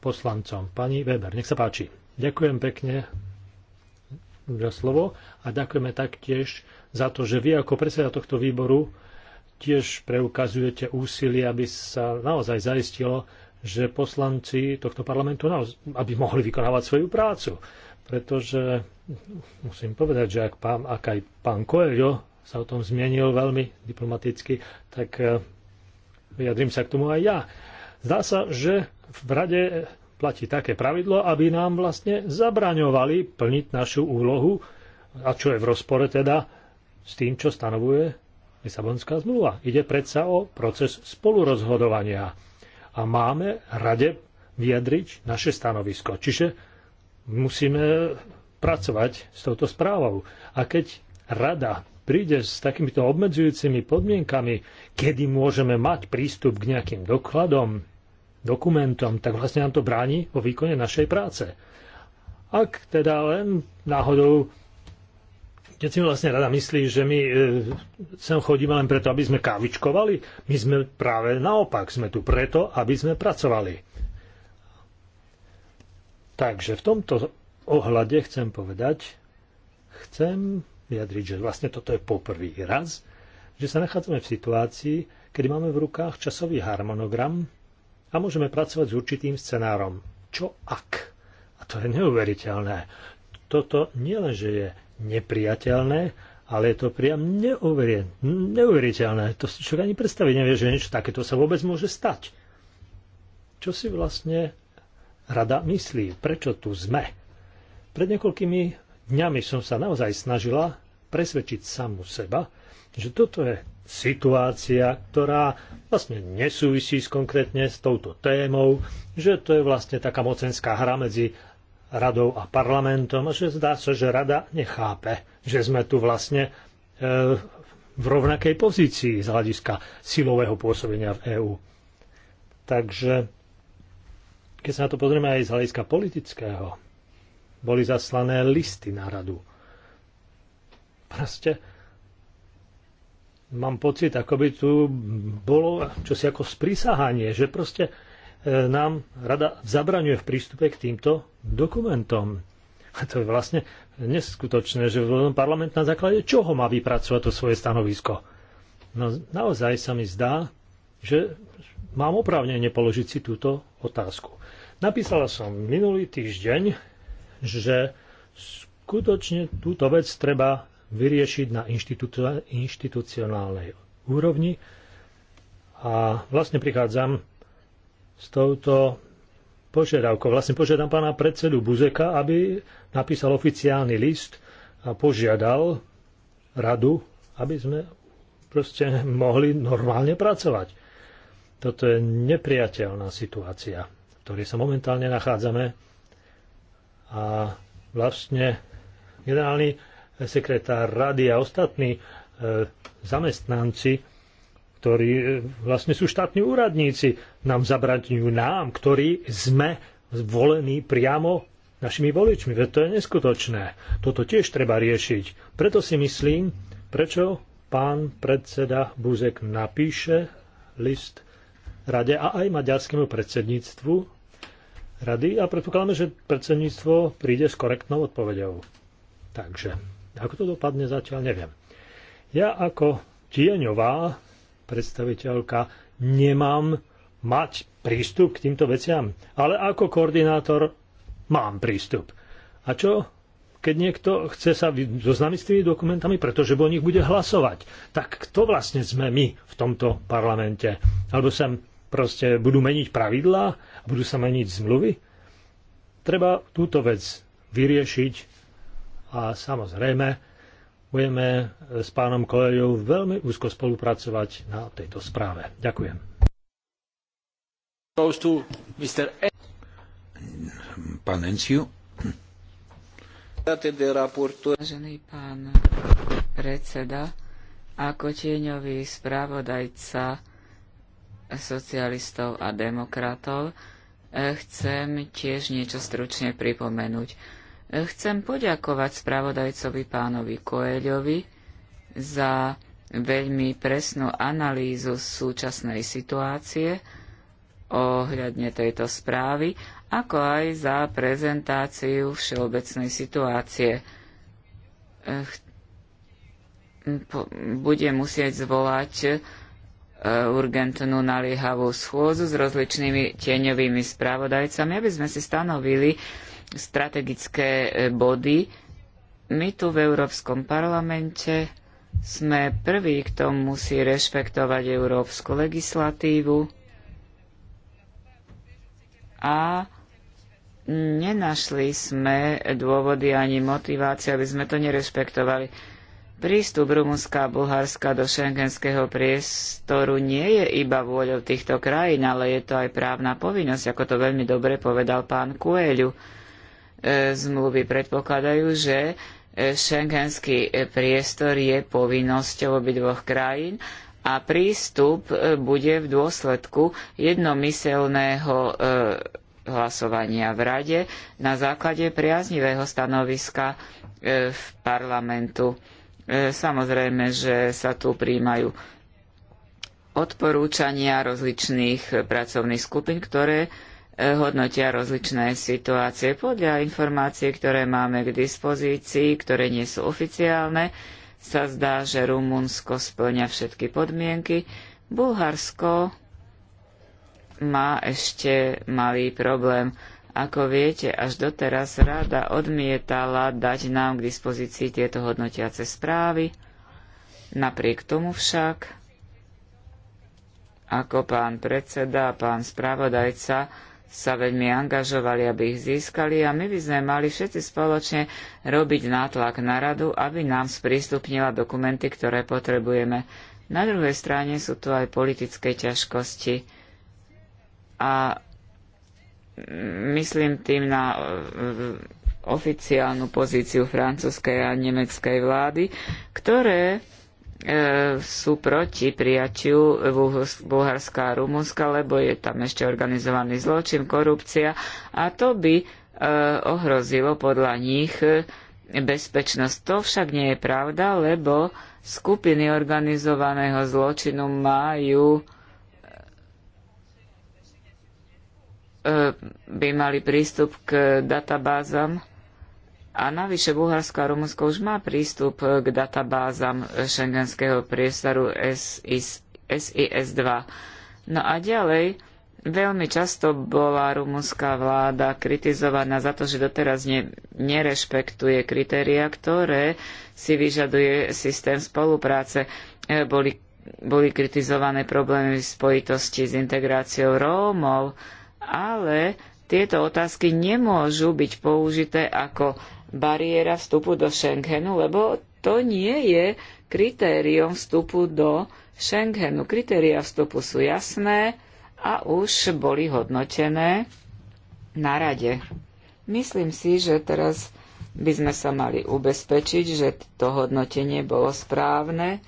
Speaker 3: poslancom. Pani Weber, nech sa páči. Ďakujem pekne za slovo a ďakujeme taktiež za to, že vy ako predseda tohto výboru tiež preukazujete úsilie, aby sa naozaj zaistilo, že poslanci tohto parlamentu naozaj, aby mohli vykonávať svoju prácu. Pretože musím povedať, že ak, pán, ak aj pán Coelho sa o tom zmienil veľmi diplomaticky, tak eh, vyjadrím sa k tomu aj ja. Zdá sa, že v rade platí také pravidlo, aby nám vlastne zabraňovali plniť našu úlohu, a čo je v rozpore teda s tým, čo stanovuje Lisabonská zmluva. Ide predsa o proces spolurozhodovania. A máme rade vyjadriť naše stanovisko. Čiže musíme pracovať s touto správou. A keď rada príde s takýmito obmedzujúcimi podmienkami, kedy môžeme mať prístup k nejakým dokladom, dokumentom, tak vlastne nám to bráni vo výkone našej práce. Ak teda len náhodou keď si vlastne rada myslí, že my e, sem chodíme len preto, aby sme kávičkovali, my sme práve naopak, sme tu preto, aby sme pracovali. Takže v tomto ohľade chcem povedať, chcem vyjadriť, že vlastne toto je poprvý raz, že sa nachádzame v situácii, kedy máme v rukách časový harmonogram a môžeme pracovať s určitým scenárom. Čo ak? A to je neuveriteľné. Toto nielenže je nepriateľné, ale je to priam neuverie, neuveriteľné. To si človek ani predstaviť nevie, že niečo takéto sa vôbec môže stať. Čo si vlastne rada myslí? Prečo tu sme? Pred niekoľkými dňami som sa naozaj snažila presvedčiť samu seba, že toto je situácia, ktorá vlastne nesúvisí konkrétne s touto témou, že to je vlastne taká mocenská hra medzi radou a parlamentom, že zdá sa, že rada nechápe, že sme tu vlastne e, v rovnakej pozícii z hľadiska silového pôsobenia v EÚ. Takže keď sa na to pozrieme aj z hľadiska politického, boli zaslané listy na radu. Proste mám pocit, ako by tu bolo čosi ako sprísahanie, že proste E, nám rada zabraňuje v prístupe k týmto dokumentom. A to je vlastne neskutočné, že parlament na základe čoho má vypracovať to svoje stanovisko. No naozaj sa mi zdá, že mám oprávnenie položiť si túto otázku. Napísala som minulý týždeň, že skutočne túto vec treba vyriešiť na inštitucionálnej úrovni a vlastne prichádzam s touto požiadavkou. Vlastne požiadam pána predsedu Buzeka, aby napísal oficiálny list a požiadal radu, aby sme proste mohli normálne pracovať. Toto je nepriateľná situácia, v ktorej sa momentálne nachádzame. A vlastne generálny sekretár rady a ostatní e, zamestnanci ktorí e, vlastne sú štátni úradníci, nám zabraňujú nám, ktorí sme volení priamo našimi voličmi. Veď to je neskutočné. Toto tiež treba riešiť. Preto si myslím, prečo pán predseda Buzek napíše list rade a aj maďarskému predsedníctvu rady a predpokladáme, že predsedníctvo príde s korektnou odpovedou. Takže, ako to dopadne, zatiaľ neviem. Ja ako tieňová predstaviteľka, nemám mať prístup k týmto veciam, ale ako koordinátor mám prístup. A čo keď niekto chce sa zoznámiť s tými dokumentami, pretože o nich bude hlasovať. Tak kto vlastne sme my v tomto parlamente? Alebo sa proste budú meniť pravidlá a budú sa meniť zmluvy? Treba túto vec vyriešiť a samozrejme budeme eh, s pánom kolejou veľmi úzko spolupracovať na tejto správe. Ďakujem.
Speaker 1: E- pán Enciu. Vážený
Speaker 2: pán predseda, ako tieňový správodajca socialistov a demokratov eh, chcem tiež niečo stručne pripomenúť. Chcem poďakovať spravodajcovi pánovi Koeľovi za veľmi presnú analýzu súčasnej situácie ohľadne tejto správy, ako aj za prezentáciu všeobecnej situácie. Bude musieť zvolať e, urgentnú naliehavú schôzu s rozličnými tieňovými spravodajcami, aby sme si stanovili strategické e, body. My tu v Európskom parlamente sme prví, kto musí rešpektovať európsku legislatívu a nenašli sme dôvody ani motivácie, aby sme to nerešpektovali. Prístup Rumunska a Bulharska do schengenského priestoru nie je iba vôľou týchto krajín, ale je to aj právna povinnosť, ako to veľmi dobre povedal pán Coelho. E, zmluvy predpokladajú, že schengenský e, e, priestor je povinnosťou obidvoch krajín a prístup bude v dôsledku jednomyseľného hlasovania v Rade na základe priaznivého stanoviska v parlamentu. Samozrejme, že sa tu príjmajú odporúčania rozličných pracovných skupín, ktoré Eh, hodnotia rozličné situácie. Podľa informácií, ktoré máme k dispozícii, ktoré nie sú oficiálne, sa zdá, že Rumunsko splňa všetky podmienky. Bulharsko má ešte malý problém. Ako viete, až doteraz rada odmietala dať nám k dispozícii tieto hodnotiace správy. Napriek tomu však, ako pán predseda, pán spravodajca, sa veľmi angažovali, aby ich získali a my by sme mali všetci spoločne robiť nátlak na radu, aby nám sprístupnila dokumenty, ktoré potrebujeme. Na druhej strane sú tu aj politické ťažkosti a myslím tým na e, e, oficiálnu pozíciu francúzskej a nemeckej vlády, ktoré E, sú proti prijatiu Bulharska a Rumunska, lebo je tam ešte organizovaný zločin, korupcia a to by e, ohrozilo podľa nich e, bezpečnosť. To však nie je pravda, lebo skupiny organizovaného zločinu majú by mali prístup k databázam a navyše Bulharsko a Rumunsko už má prístup k databázam šengenského priestoru SIS, II. 2 No a ďalej, veľmi často bola rumunská vláda kritizovaná za to, že doteraz ne, nerešpektuje kritéria, ktoré si vyžaduje systém spolupráce. E, boli, boli kritizované problémy v spojitosti s integráciou Rómov, ale tieto otázky nemôžu byť použité ako bariéra vstupu do Schengenu, lebo to nie je kritérium vstupu do Schengenu. Kritéria vstupu sú jasné a už boli hodnotené na rade. Myslím si, že teraz by sme sa mali ubezpečiť, že to hodnotenie bolo správne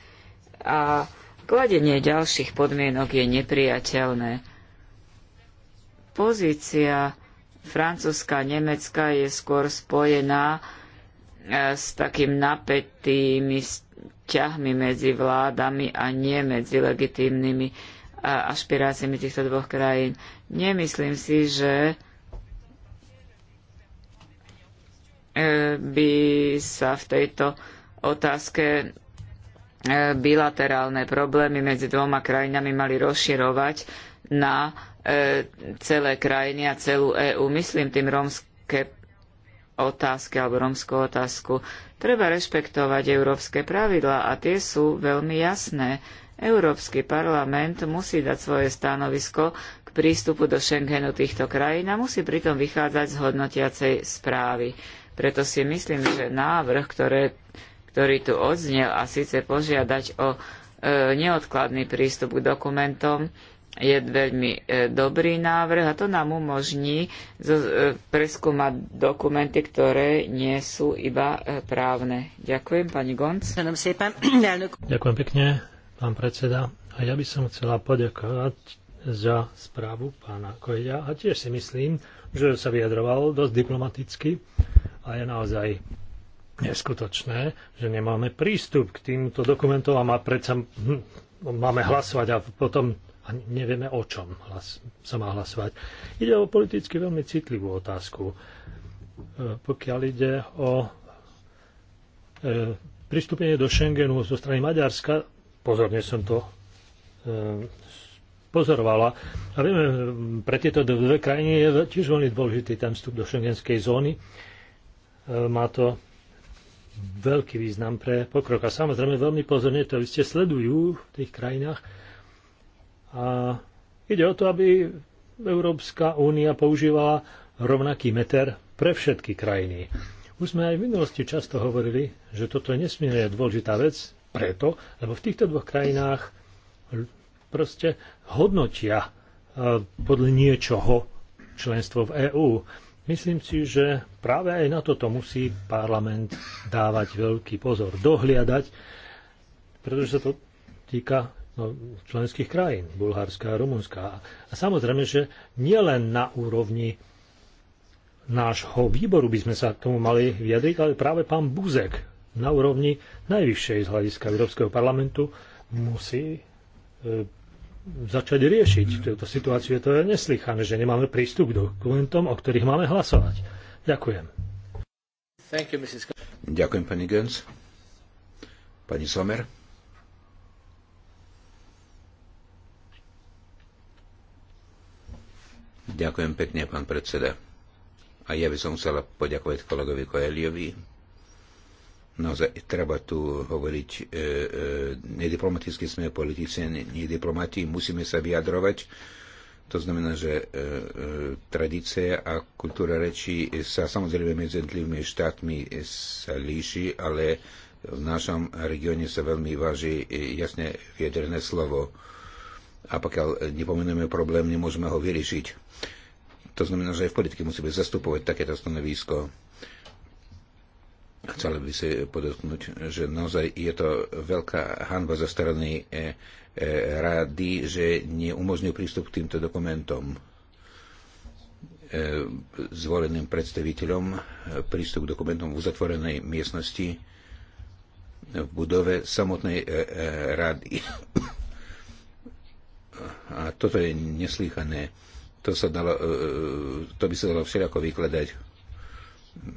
Speaker 2: a kladenie ďalších podmienok je nepriateľné. Pozícia francúzska Nemecka je skôr spojená e, s takým napätými ťahmi medzi vládami a nie medzi legitímnymi e, ašpiráciami týchto dvoch krajín. Nemyslím si, že e, by sa v tejto otázke bilaterálne problémy medzi dvoma krajinami mali rozširovať na E, celé krajiny a celú EÚ. Myslím tým rómske otázky alebo rómskú otázku. Treba rešpektovať európske pravidlá a tie sú veľmi jasné. Európsky parlament musí dať svoje stanovisko k prístupu do Schengenu týchto krajín a musí pritom vychádzať z hodnotiacej správy. Preto si myslím, že návrh, ktoré, ktorý tu odznel a síce požiadať o e, neodkladný prístup k dokumentom, je veľmi e, dobrý návrh a to nám umožní e, preskúmať dokumenty, ktoré nie sú iba e, právne. Ďakujem, pani Gonc. [clears throat]
Speaker 3: Ďakujem pekne, pán predseda. A ja by som chcela poďakovať za správu pána Kojeďa a tiež si myslím, že sa vyjadroval dosť diplomaticky a je naozaj neskutočné, že nemáme prístup k týmto dokumentom a má predsa, hm, hm, máme hlasovať a potom a nevieme o čom hlas, sa má hlasovať. Ide o politicky veľmi citlivú otázku. E, pokiaľ ide o e, pristúpenie do Schengenu zo strany Maďarska, pozorne som to e, pozorovala. A vieme, pre tieto dve krajiny je tiež veľmi dôležitý ten vstup do šengenskej zóny. Má to veľký význam pre pokrok. A samozrejme veľmi pozorne to iste sledujú v tých krajinách. A ide o to, aby Európska únia používala rovnaký meter pre všetky krajiny. Už sme aj v minulosti často hovorili, že toto je nesmierne dôležitá vec preto, lebo v týchto dvoch krajinách proste hodnotia e, podľa niečoho členstvo v EÚ. Myslím si, že práve aj na toto musí parlament dávať veľký pozor, dohliadať, pretože sa to týka No, členských krajín, Bulharska a Rumunska. A samozrejme, že nielen na úrovni nášho výboru by sme sa tomu mali vyjadriť, ale práve pán Buzek na úrovni najvyššej z hľadiska Európskeho parlamentu musí e, začať riešiť mm. túto situáciu. je To je neslychané, že nemáme prístup k dokumentom, o ktorých máme hlasovať. Ďakujem. You,
Speaker 1: Ďakujem, pani Gens. Pani Somer. Ďakujem pekne, pán predseda. A ja by som chcela poďakovať kolegovi Koeliovi. Naozaj treba tu hovoriť, e, e, nediplomaticky sme politici, nediplomati, musíme sa vyjadrovať. To znamená, že e, e tradícia a kultúra reči sa samozrejme medzi jednotlivými štátmi sa líši, ale v našom regióne sa veľmi váži jasne vyjadrené slovo. E, a pokiaľ nepomenujeme problém, nemôžeme ho vyriešiť. To znamená, že aj v politike musíme zastupovať takéto stanovisko. Chcel by si podotknúť, že naozaj je to veľká hanba zo strany e, e, rady, že neumožňujú prístup k týmto dokumentom e, zvoleným predstaviteľom prístup k dokumentom v uzatvorenej miestnosti v budove samotnej rady. A toto je neslychané. To, sa dalo, e, e, to by sa dalo všelijako vykladať.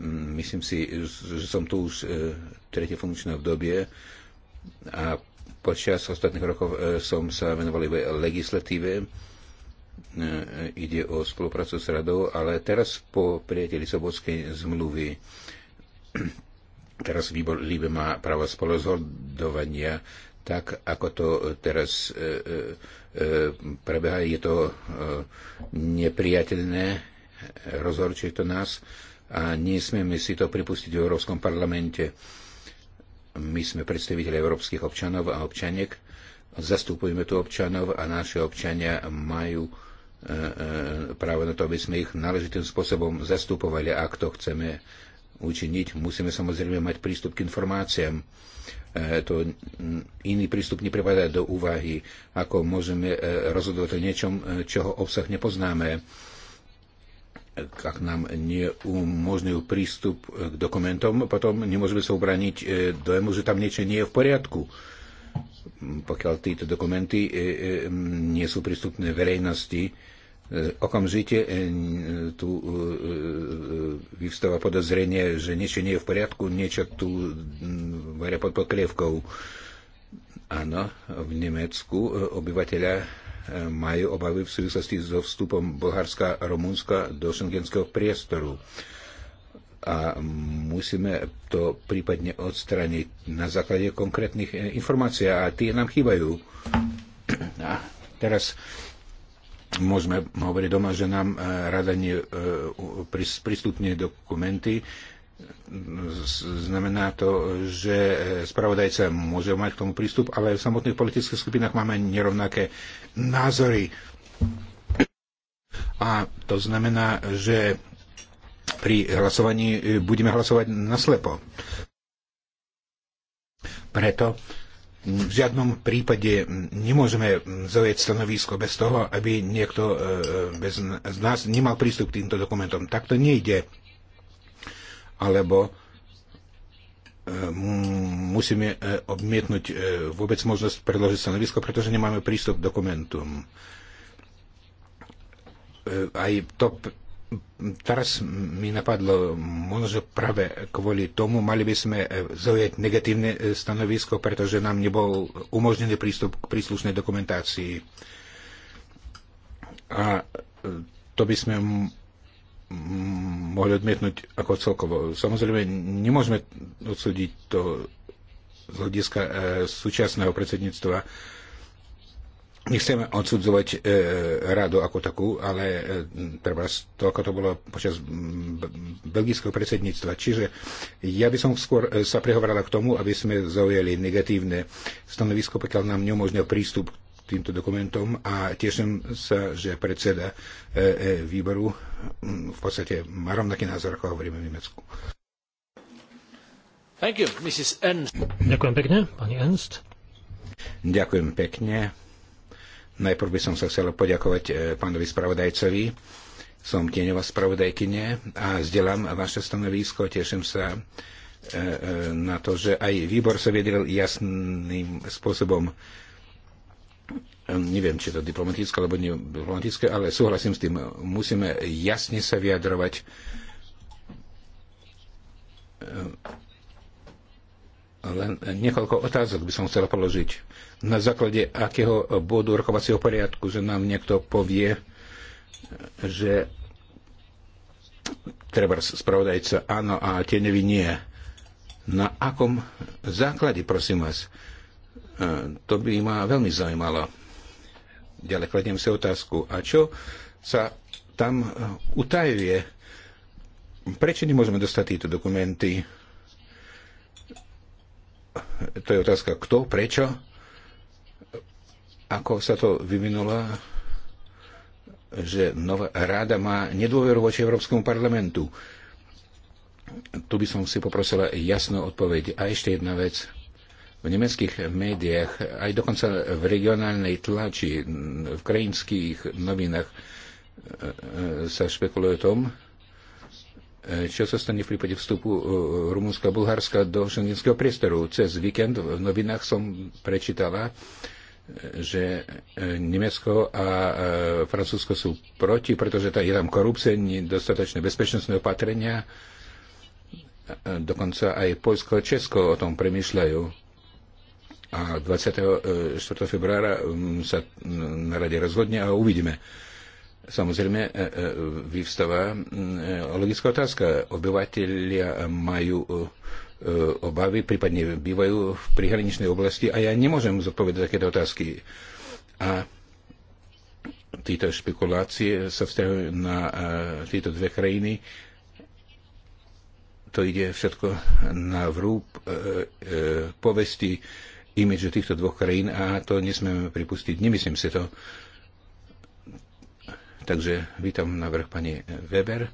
Speaker 1: Mm, myslím si, že som tu už e, tretie funkčné obdobie a počas ostatných rokov som sa venoval iba legislatíve. Ide o spoluprácu s radou, ale teraz po prijatí Lisobotskej zmluvy [clears throat] teraz výbor Líbe má právo spolozhodovania tak ako to teraz e, e, e, prebeha, Je to nepriateľné, rozhorčuje to nás a nesmieme si to pripustiť v Európskom parlamente. My sme predstaviteľi európskych občanov a občaniek, zastupujeme tu občanov a naše občania majú právo na to, aby sme ich náležitým spôsobom zastupovali. Ak to chceme učiniť, musíme samozrejme mať prístup k informáciám E, to iný prístup nepripadá do úvahy, ako môžeme e, rozhodovať o niečom, e, čoho obsah nepoznáme ak nám neumožňujú prístup k dokumentom, potom nemôžeme sa ubraniť dojemu, že tam niečo nie je v poriadku. Pokiaľ títo dokumenty nie sú prístupné verejnosti, E, okamžite e, e, tu vyvstáva podozrenie, že niečo nie je v poriadku, niečo tu varia pod pokrievkou. Áno, v Nemecku obyvateľa majú obavy v súvislosti so vstupom Bulharska a Rumunska do šengenského priestoru. A musíme to prípadne odstraniť na základe konkrétnych informácií a tie nám chýbajú. A teraz môžeme hovoriť doma, že nám e, rada nie e, pristupne dokumenty. Znamená to, že e, spravodajca môže mať k tomu prístup, ale v samotných politických skupinách máme nerovnaké názory. A to znamená, že pri hlasovaní budeme hlasovať naslepo. Preto v žiadnom prípade nemôžeme zaujať stanovisko bez toho, aby niekto e, e, bez nás nemal prístup k týmto dokumentom. Tak to nejde. Alebo e, musíme obmietnúť vôbec možnosť predložiť stanovisko, pretože nemáme prístup k dokumentom. Aj to teraz mi napadlo, možno práve kvôli tomu mali by sme eh, zaujať negatívne eh, stanovisko, pretože nám nebol umožnený prístup k príslušnej dokumentácii. A eh, to by sme mohli odmietnúť ako celkovo. Samozrejme, nemôžeme odsúdiť to z hľadiska súčasného predsedníctva Nechcem odsudzovať e, radu ako takú, ale e, treba to, ako to bolo počas belgického predsedníctva. Čiže ja by som skôr e, sa prehovorila k tomu, aby sme zaujali negatívne stanovisko, pokiaľ nám neumožnil prístup k týmto dokumentom a teším sa, že predseda e, e, výboru v podstate má rovnaký názor, ako hovoríme v Nemecku.
Speaker 3: Thank you, Mrs. Ernst. Ďakujem pekne, pani Ernst.
Speaker 1: Ďakujem pekne Najprv by som sa chcel poďakovať e, pánovi spravodajcovi. Som tieňová spravodajkyne a zdelám vaše stanovisko. Teším sa e, e, na to, že aj výbor sa vyjadril jasným spôsobom neviem, či to diplomatické alebo diplomatické, ale súhlasím s tým, musíme jasne sa vyjadrovať len niekoľko otázok by som chcel položiť na základe akého bodu rokovacieho poriadku, že nám niekto povie, že treba spravodajca áno a tie nevy nie. Na akom základe, prosím vás? E, to by ma veľmi zaujímalo. Ďalej kladiem si otázku. A čo sa tam utajuje? Prečo nemôžeme dostať tieto dokumenty? To je otázka kto, prečo? ako sa to vyvinulo, že nová rada má nedôveru voči Európskemu parlamentu. Tu by som si poprosila jasnú odpoveď. A ešte jedna vec. V nemeckých médiách, aj dokonca v regionálnej tlači, v krajinských novinách e, e, sa špekuluje o tom, e, čo sa stane v prípade vstupu Rumunska a Bulharska do šengenského priestoru. Cez víkend v novinách som prečítala, že e, Nemecko a e, Francúzsko sú proti, pretože je tam korupcia, nedostatočné bezpečnostné opatrenia. E, dokonca aj Polsko a Česko o tom premyšľajú. A 24. februára sa na rade rozhodne a uvidíme. Samozrejme, vyvstáva logická otázka. Obyvatelia majú E, obavy, prípadne bývajú v prihraničnej oblasti a ja nemôžem zodpovedať takéto otázky. A tieto špekulácie sa vzťahujú na e, tieto dve krajiny. To ide všetko na vrúb e, e, povesti imidžu týchto dvoch krajín a to nesmieme pripustiť. Nemyslím si to. Takže vítam na vrch pani Weber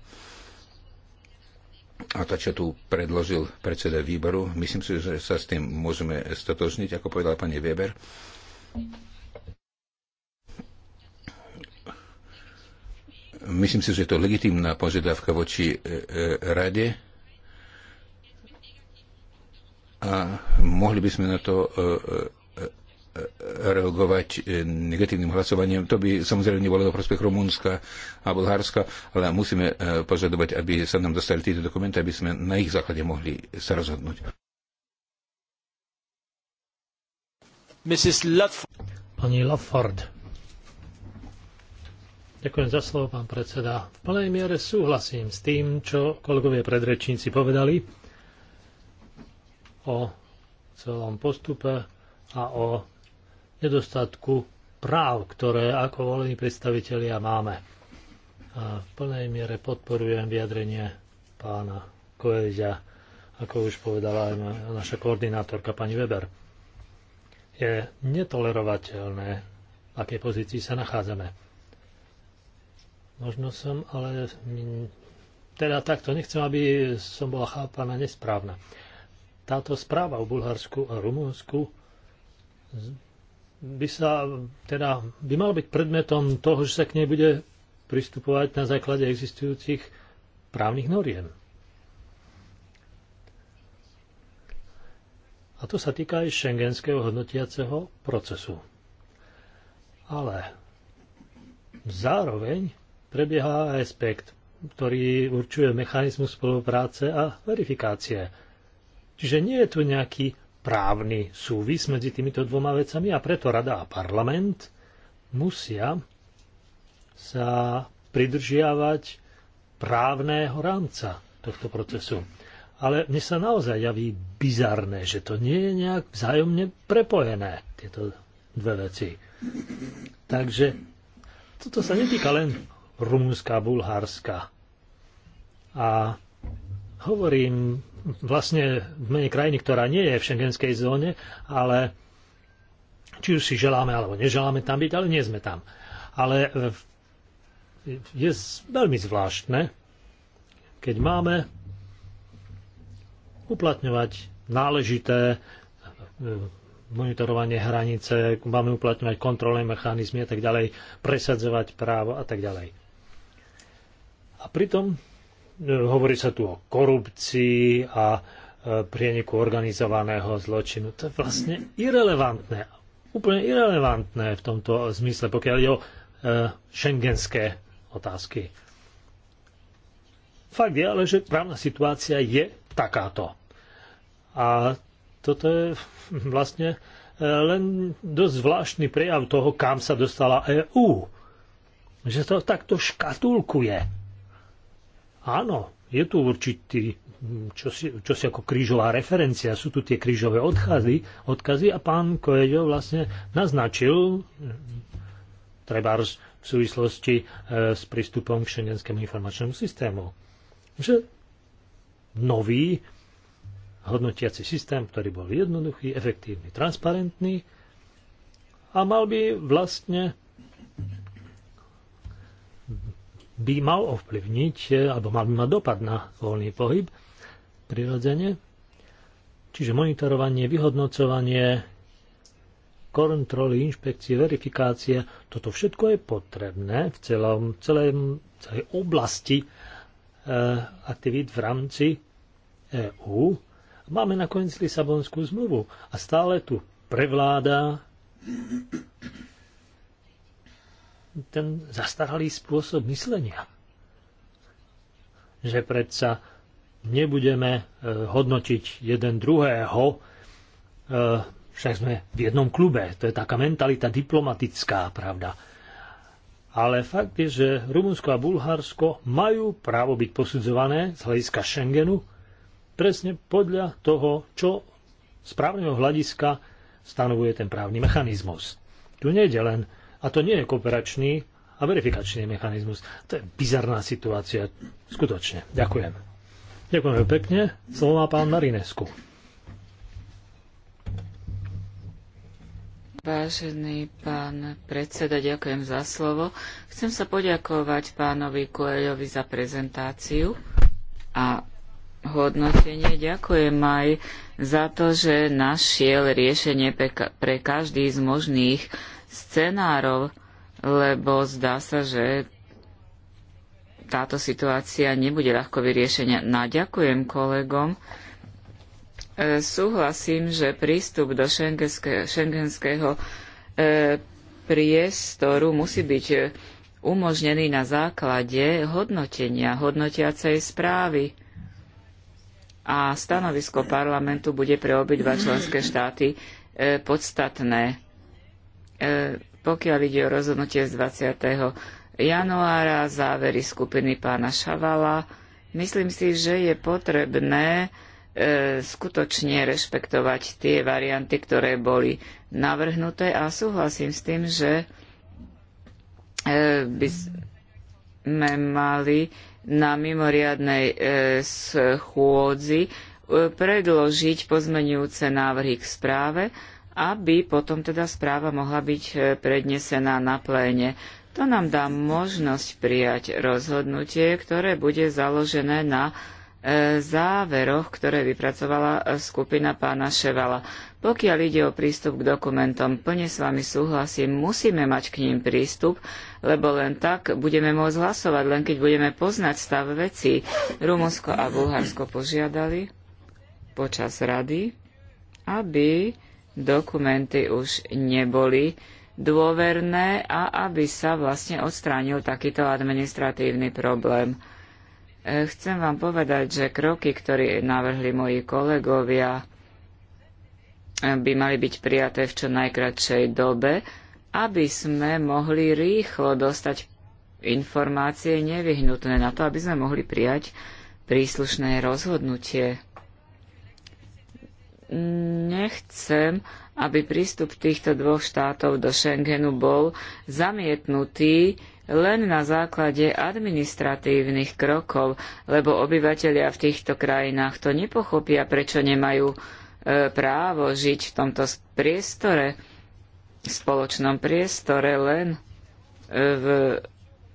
Speaker 1: a to, čo tu predložil predseda výboru, myslím si, že sa s tým môžeme stotožniť, ako povedal pani Weber. Myslím si, že je to legitimná požiadavka voči e, e, rade a mohli by sme na to e, e, reagovať e, negatívnym hlasovaním. To by samozrejme nebolo do prospech Rumunska a Bulharska, ale musíme e, požadovať, aby sa nám dostali tieto dokumenty, aby sme na ich základe mohli sa rozhodnúť.
Speaker 3: Pani Lafford. Ďakujem za slovo, pán predseda. V plnej miere súhlasím s tým, čo kolegovia predrečníci povedali o celom postupe a o nedostatku práv, ktoré ako volení predstavitelia máme. A v plnej miere podporujem vyjadrenie pána Koežia, ako už povedala aj naša koordinátorka pani Weber. Je netolerovateľné, v akej pozícii sa nachádzame. Možno som, ale teda takto nechcem, aby som bola chápaná nesprávna. Táto správa o Bulharsku a Rumúnsku by sa teda by mal byť predmetom toho, že sa k nej bude pristupovať na základe existujúcich právnych noriem. A to sa týka aj šengenského hodnotiaceho procesu. Ale zároveň prebieha aspekt, ktorý určuje mechanizmus spolupráce a verifikácie. Čiže nie je tu nejaký právny súvis medzi týmito dvoma vecami a preto Rada a parlament musia sa pridržiavať právneho rámca tohto procesu. Ale mne sa naozaj javí bizarné, že to nie je nejak vzájomne prepojené, tieto dve veci. Takže toto sa netýka len Rumunska a Bulharska. A hovorím vlastne v mene krajiny, ktorá nie je v šengenskej zóne, ale či už si želáme alebo neželáme tam byť, ale nie sme tam. Ale je veľmi zvláštne, keď máme uplatňovať náležité e, monitorovanie hranice, máme uplatňovať kontrolné mechanizmy a tak ďalej, presadzovať právo a tak ďalej. A pritom hovorí sa tu o korupcii a e, prieniku organizovaného zločinu. To je vlastne irrelevantné. Úplne irrelevantné v tomto zmysle, pokiaľ ide o e, šengenské otázky. Fakt je ale, že právna situácia je takáto. A toto je vlastne e, len dosť zvláštny prejav toho, kam sa dostala EÚ. Že to takto škatulkuje Áno, je tu určitý, mm, čo si, čo si ako krížová referencia, sú tu tie krížové odkazy, odkazy a pán Koeďo vlastne naznačil mm, treba v súvislosti e, s prístupom k šengenskému informačnému systému, že nový hodnotiaci systém, ktorý bol jednoduchý, efektívny, transparentný a mal by vlastne by mal ovplyvniť, e, alebo mal by mať dopad na voľný pohyb, prirodzene. Čiže monitorovanie, vyhodnocovanie, kontroly, inšpekcie, verifikácie, toto všetko je potrebné v celom, celém, celej oblasti e, aktivít v rámci EÚ. Máme nakoniec Lisabonskú zmluvu a stále tu prevláda ten zastaralý spôsob myslenia. Že predsa nebudeme e, hodnotiť jeden druhého, e, však sme v jednom klube, to je taká mentalita diplomatická, pravda. Ale fakt je, že Rumunsko a Bulharsko majú právo byť posudzované z hľadiska Schengenu presne podľa toho, čo z právneho hľadiska stanovuje ten právny mechanizmus. Tu je len a to nie je kooperačný a verifikačný mechanizmus. To je bizarná situácia. Skutočne. Ďakujem. Ďakujem pekne. Slovo má pán Marinesku.
Speaker 2: Vážený pán predseda, ďakujem za slovo. Chcem sa poďakovať pánovi Koeľovi za prezentáciu a hodnotenie. Ďakujem aj za to, že našiel riešenie pre každý z možných scenárov, lebo zdá sa, že táto situácia nebude ľahko vyriešenia. Naďakujem no, ďakujem kolegom. E, súhlasím, že prístup do šengenského, šengenského e, priestoru musí byť umožnený na základe hodnotenia, hodnotiacej správy. A stanovisko parlamentu bude pre obidva členské štáty e, podstatné. E, pokiaľ ide o rozhodnutie z 20. januára, závery skupiny pána Šavala, myslím si, že je potrebné e, skutočne rešpektovať tie varianty, ktoré boli navrhnuté a súhlasím s tým, že e, by sme mali na mimoriadnej schôdzi predložiť pozmenujúce návrhy k správe aby potom teda správa mohla byť e, prednesená na pléne. To nám dá možnosť prijať rozhodnutie, ktoré bude založené na e, záveroch, ktoré vypracovala e, skupina pána Ševala. Pokiaľ ide o prístup k dokumentom, plne s vami súhlasím, musíme mať k ním prístup, lebo len tak budeme môcť hlasovať, len keď budeme poznať stav vecí. Rumunsko a Bulharsko požiadali počas rady, aby dokumenty už neboli dôverné a aby sa vlastne odstránil takýto administratívny problém. E, chcem vám povedať, že kroky, ktoré navrhli moji kolegovia, e, by mali byť prijaté v čo najkratšej dobe, aby sme mohli rýchlo dostať informácie nevyhnutné na to, aby sme mohli prijať príslušné rozhodnutie nechcem, aby prístup týchto dvoch štátov do Schengenu bol zamietnutý len na základe administratívnych krokov, lebo obyvatelia v týchto krajinách to nepochopia, prečo nemajú e, právo žiť v tomto priestore, v spoločnom priestore len e, v,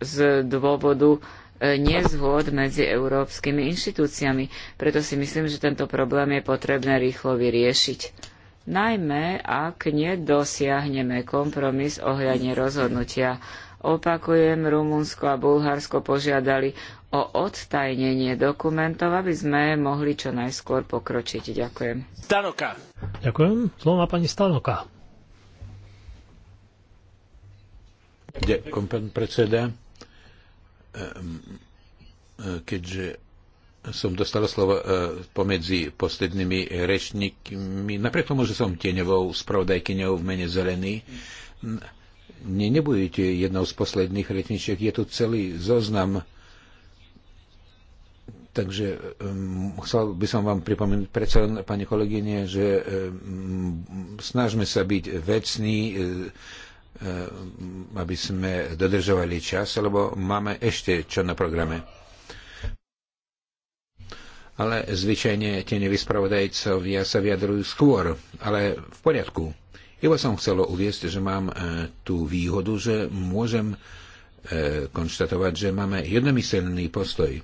Speaker 2: z dôvodu nezhôd medzi európskymi inštitúciami. Preto si myslím, že tento problém je potrebné rýchlo vyriešiť. Najmä, ak nedosiahneme kompromis ohľadne rozhodnutia. Opakujem, Rumunsko a Bulharsko požiadali o odtajnenie dokumentov, aby sme mohli čo najskôr pokročiť. Ďakujem.
Speaker 1: Stanoka.
Speaker 3: Ďakujem. Slovo má pani Stanoka.
Speaker 1: Ďakujem, pán predseda. Ehm, ehm, keďže som dostal slovo ehm, pomedzi poslednými rečníkmi, napriek tomu, že som tieňovou spravodajkyňou v mene Zelený, ne, nebudete jednou z posledných rečníčiek, je tu celý zoznam Takže um, chcel by som vám pripomenúť predsa len, pani kolegyne, že um, snažme sa byť vecní, um, Eh, aby sme dodržovali čas, lebo máme ešte čo na programe. Ale zvyčajne tie nevyspravodajcovia sa vyjadrujú skôr, ale v poriadku. Iba som chcel uviesť, že mám eh, tú výhodu, že môžem eh, konštatovať, že máme jednomyselný postoj.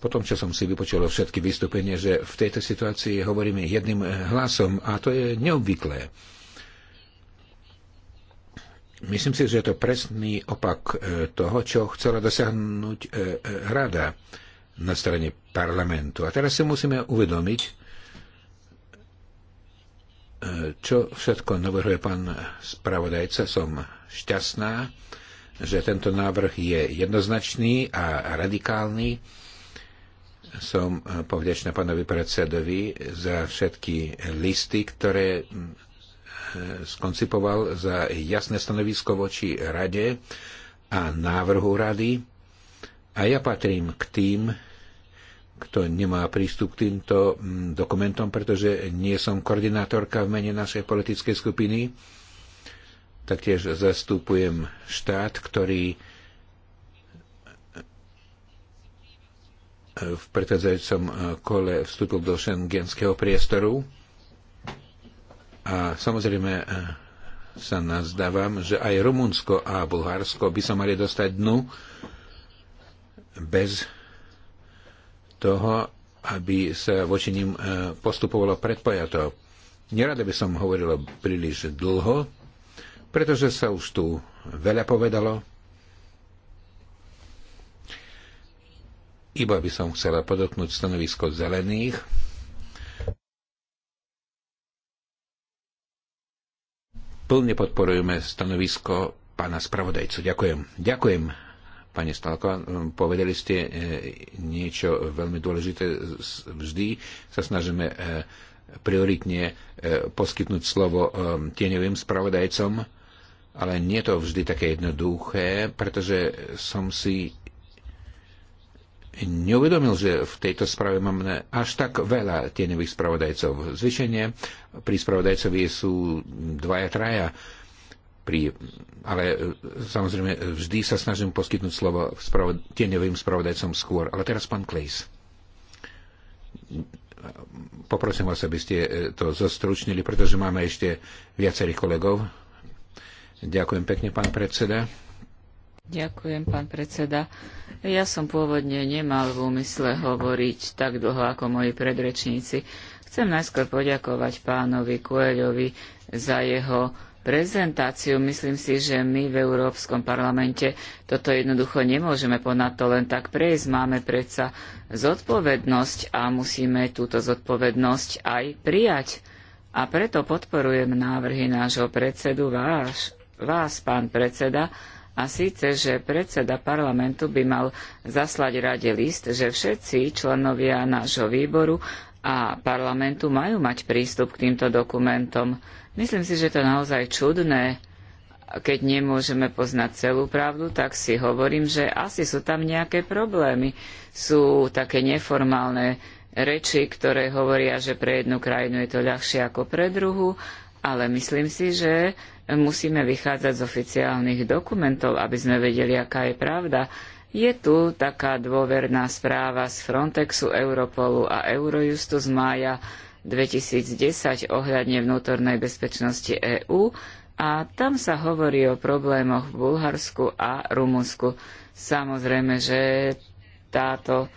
Speaker 1: Potom, čo som si vypočul všetky vystúpenia, že v tejto situácii hovoríme jedným hlasom a to je neobvyklé. Myslím si, že je to presný opak e, toho, čo chcela dosiahnuť e, e, rada na strane parlamentu. A teraz si musíme uvedomiť, čo všetko navrhuje pán spravodajca. Som šťastná, že tento návrh je jednoznačný a radikálny. Som povďačná pánovi predsedovi za všetky listy, ktoré skoncipoval za jasné stanovisko voči rade a návrhu rady a ja patrím k tým, kto nemá prístup k týmto mm, dokumentom, pretože nie som koordinátorka v mene našej politickej skupiny. Taktiež zastupujem štát, ktorý v predchádzajúcom kole vstúpil do šengenského priestoru a samozrejme e, sa nazdávam, že aj Rumunsko a Bulharsko by sa mali dostať dnu bez toho, aby sa voči ním e, postupovalo predpojato. Nerada by som hovoril príliš dlho, pretože sa už tu veľa povedalo. Iba by som chcela podotknúť stanovisko zelených, plne podporujeme stanovisko pána spravodajcu. Ďakujem. Ďakujem, pani Stalko. Hm, povedali ste e, niečo veľmi dôležité. Vždy sa snažíme e, prioritne e, poskytnúť slovo tieňovým spravodajcom, ale nie je to vždy také jednoduché, pretože som si neuvedomil, že v tejto správe máme až tak veľa tieňových spravodajcov. Zvyšenie pri spravodajcovi sú dvaja, traja. Pri, ale e, samozrejme vždy sa snažím poskytnúť slovo spravod, tieňovým spravodajcom skôr. Ale teraz pán Klejs. Poprosím vás, aby ste e, to zostručnili, pretože máme ešte viacerých kolegov. Ďakujem pekne, pán predseda.
Speaker 2: Ďakujem, pán predseda. Ja som pôvodne nemal v úmysle hovoriť tak dlho ako moji predrečníci. Chcem najskôr poďakovať pánovi Kueľovi za jeho prezentáciu. Myslím si, že my v Európskom parlamente toto jednoducho nemôžeme ponad to len tak prejsť. Máme predsa zodpovednosť a musíme túto zodpovednosť aj prijať. A preto podporujem návrhy nášho predsedu, váš, vás, pán predseda, a síce, že predseda parlamentu by mal zaslať rade list, že všetci členovia nášho výboru a parlamentu majú mať prístup k týmto dokumentom. Myslím si, že to naozaj čudné. Keď nemôžeme poznať celú pravdu, tak si hovorím, že asi sú tam nejaké problémy. Sú také neformálne reči, ktoré hovoria, že pre jednu krajinu je to ľahšie ako pre druhú, ale myslím si, že musíme vychádzať z oficiálnych dokumentov, aby sme vedeli, aká je pravda. Je tu taká dôverná správa z Frontexu, Europolu a Eurojustu z mája 2010 ohľadne vnútornej bezpečnosti EÚ a tam sa hovorí o problémoch v Bulharsku a Rumunsku. Samozrejme, že táto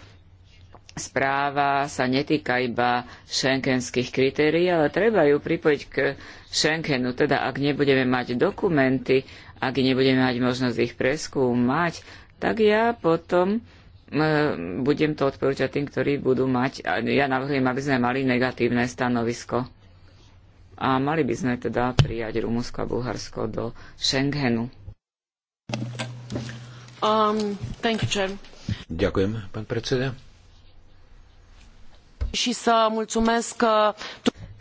Speaker 2: správa sa netýka iba schengenských kritérií, ale treba ju pripojiť k Schengenu. Teda ak nebudeme mať dokumenty, ak nebudeme mať možnosť ich preskúmať, tak ja potom e, budem to odporúčať tým, ktorí budú mať, ja navrhujem, aby sme mali negatívne stanovisko. A mali by sme teda prijať Rumunsko a Bulharsko do Schengenu. Um, you, Ďakujem, pán predseda. Uh,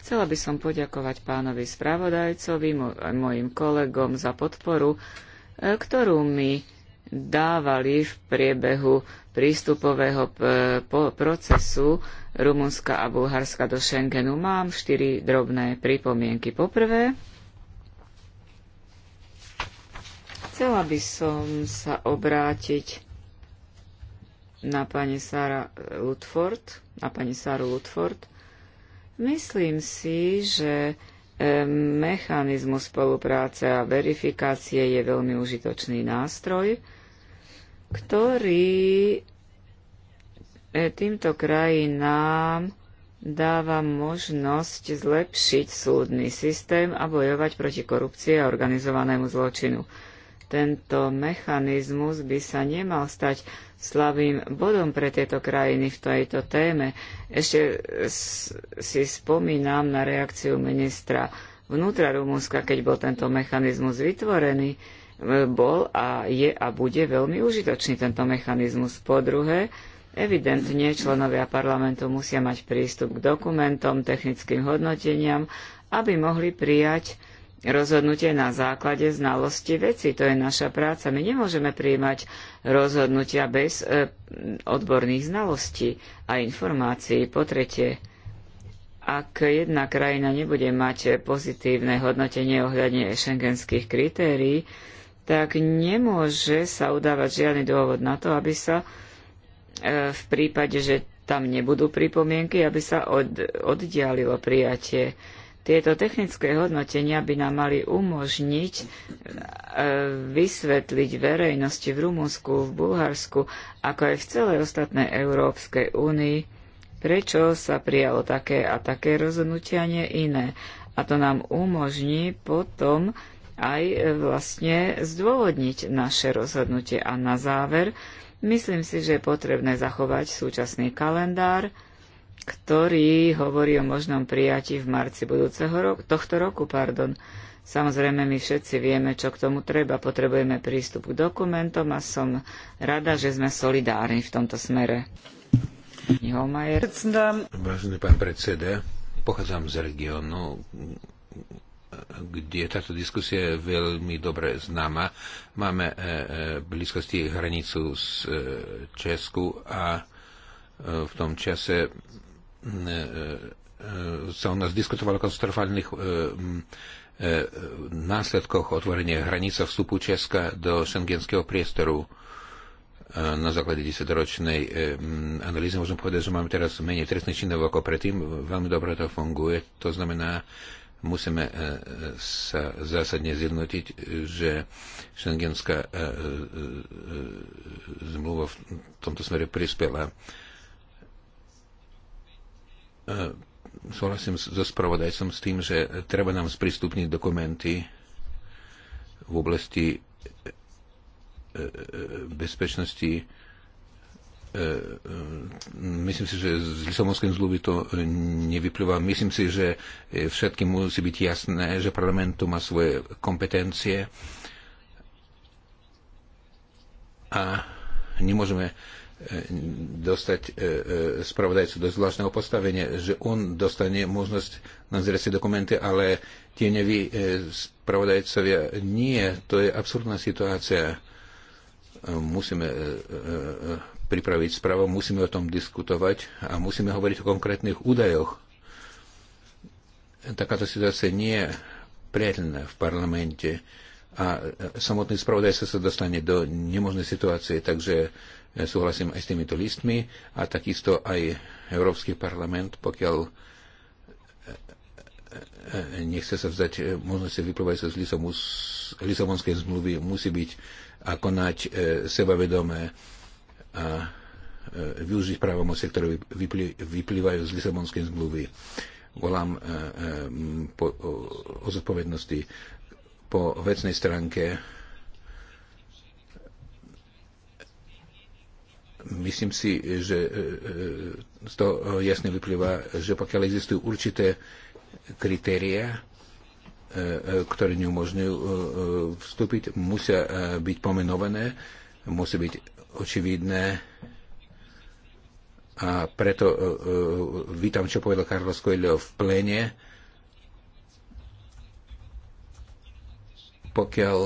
Speaker 2: chcela by som poďakovať pánovi spravodajcovi, mojim kolegom za podporu, eh, ktorú mi dávali v priebehu prístupového eh, procesu Rumunska a Bulharska do Schengenu. Mám štyri drobné pripomienky. Poprvé, chcela by som sa obrátiť na pani Sara Ludford, na pani Saru Ludford. Myslím si, že e, mechanizmus spolupráce a verifikácie je veľmi užitočný nástroj, ktorý e, týmto krajinám dáva možnosť zlepšiť súdny systém a bojovať proti korupcii a organizovanému zločinu. Tento mechanizmus by sa nemal stať slabým bodom pre tieto krajiny v tejto téme. Ešte si spomínam na reakciu ministra vnútra Rumúnska, keď bol tento mechanizmus vytvorený, e, bol a je a bude veľmi užitočný tento mechanizmus. Po druhé, evidentne členovia parlamentu musia mať prístup k dokumentom, technickým hodnoteniam, aby mohli prijať rozhodnutie na základe znalosti veci. To je naša práca. My nemôžeme prijímať rozhodnutia bez e, odborných znalostí a informácií. Po tretie, ak jedna krajina nebude mať pozitívne hodnotenie ohľadne šengenských kritérií, tak nemôže sa udávať žiadny dôvod na to, aby sa e, v prípade, že tam nebudú pripomienky, aby sa od, oddialilo prijatie tieto technické hodnotenia by nám mali umožniť e, vysvetliť verejnosti v Rumunsku, v Bulharsku, ako aj v celej ostatnej Európskej únii, prečo sa prijalo také a také rozhodnutia, nie iné. A to nám umožní potom aj e, vlastne zdôvodniť naše rozhodnutie. A na záver, myslím si, že je potrebné zachovať súčasný kalendár, ktorý hovorí o možnom prijatí v marci budúceho roku, tohto roku. Pardon. Samozrejme, my všetci vieme, čo k tomu treba. Potrebujeme prístup k dokumentom a som rada, že sme solidárni v tomto smere.
Speaker 1: Vážený pán predseda, pochádzam z regiónu, kde táto diskusia je veľmi dobre známa. Máme e, e, blízkosti hranicu s e, Česku a v tom čase E, e, sa u nás diskutovalo o katastrofálnych e, následkoch otvorenia hranice vstupu Česka do šengenského priestoru na základe 10-ročnej analýzy môžem povedať, že máme teraz menej trestných činov ako predtým. Veľmi dobre to funguje. To znamená, musíme sa zásadne zjednotiť, že šengenská zmluva v tomto smere prispela E, súhlasím so spravodajcom s tým, že treba nám sprístupniť dokumenty v oblasti e, e, bezpečnosti. Myslím si, že z Lisabonskej zmluvy to nevyplýva. Myslím si, že všetkým musí byť jasné, že parlament tu má svoje kompetencie a nemôžeme dostať e, e, spravodajcu do zvláštneho postavenia, že on dostane možnosť nazrieť si dokumenty, ale tie nevy spravodajcovia nie. To je absurdná situácia. E, musíme pripraviť správu, musíme o tom diskutovať a musíme hovoriť o konkrétnych údajoch. Takáto situácia nie je priateľná v parlamente a samotný spravodajca sa dostane do nemožnej situácie, takže Súhlasím aj s týmito listmi a takisto aj Európsky parlament, pokiaľ e, e, e, nechce sa vzdať možnosti sa z Lisabonskej zmluvy, musí byť a konať sebavedomé a využiť právomoci, ktoré vyplývajú z Lisabonskej zmluvy. Volám o zodpovednosti po vecnej stránke Myslím si, že e, e, z toho e, jasne vyplýva, že pokiaľ existujú určité kritéria, ktoré neumožňujú vstúpiť, musia byť pomenované, musí byť očividné. A preto vítam, čo povedal Carlos Coelho v plene. Pokiaľ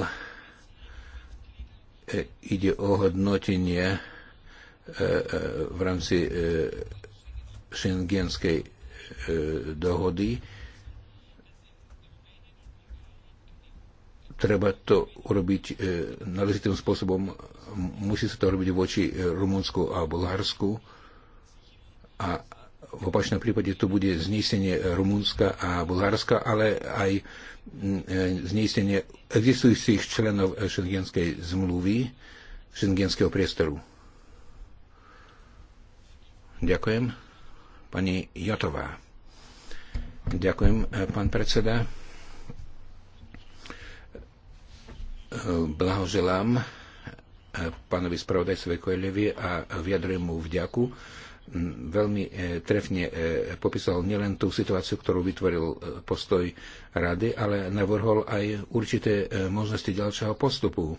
Speaker 1: ide o hodnotenie E, e, v rámci e, šengenskej dohody. Treba to urobiť náležitým spôsobom. Musí sa to robiť voči Rumunsku a Bulharsku. A v opačnom prípade to bude znesenie Rumunska a Bulharska, ale aj znesenie existujúcich členov šengenskej zmluvy, šengenského priestoru. Ďakujem. Pani Jotová. Ďakujem, e, pán predseda. E, blahoželám e, pánovi spravodajcovi Koelevi a vyjadrujem mu vďaku. Veľmi trefne popísal nielen tú situáciu, ktorú vytvoril postoj rady, ale navrhol aj určité možnosti ďalšieho postupu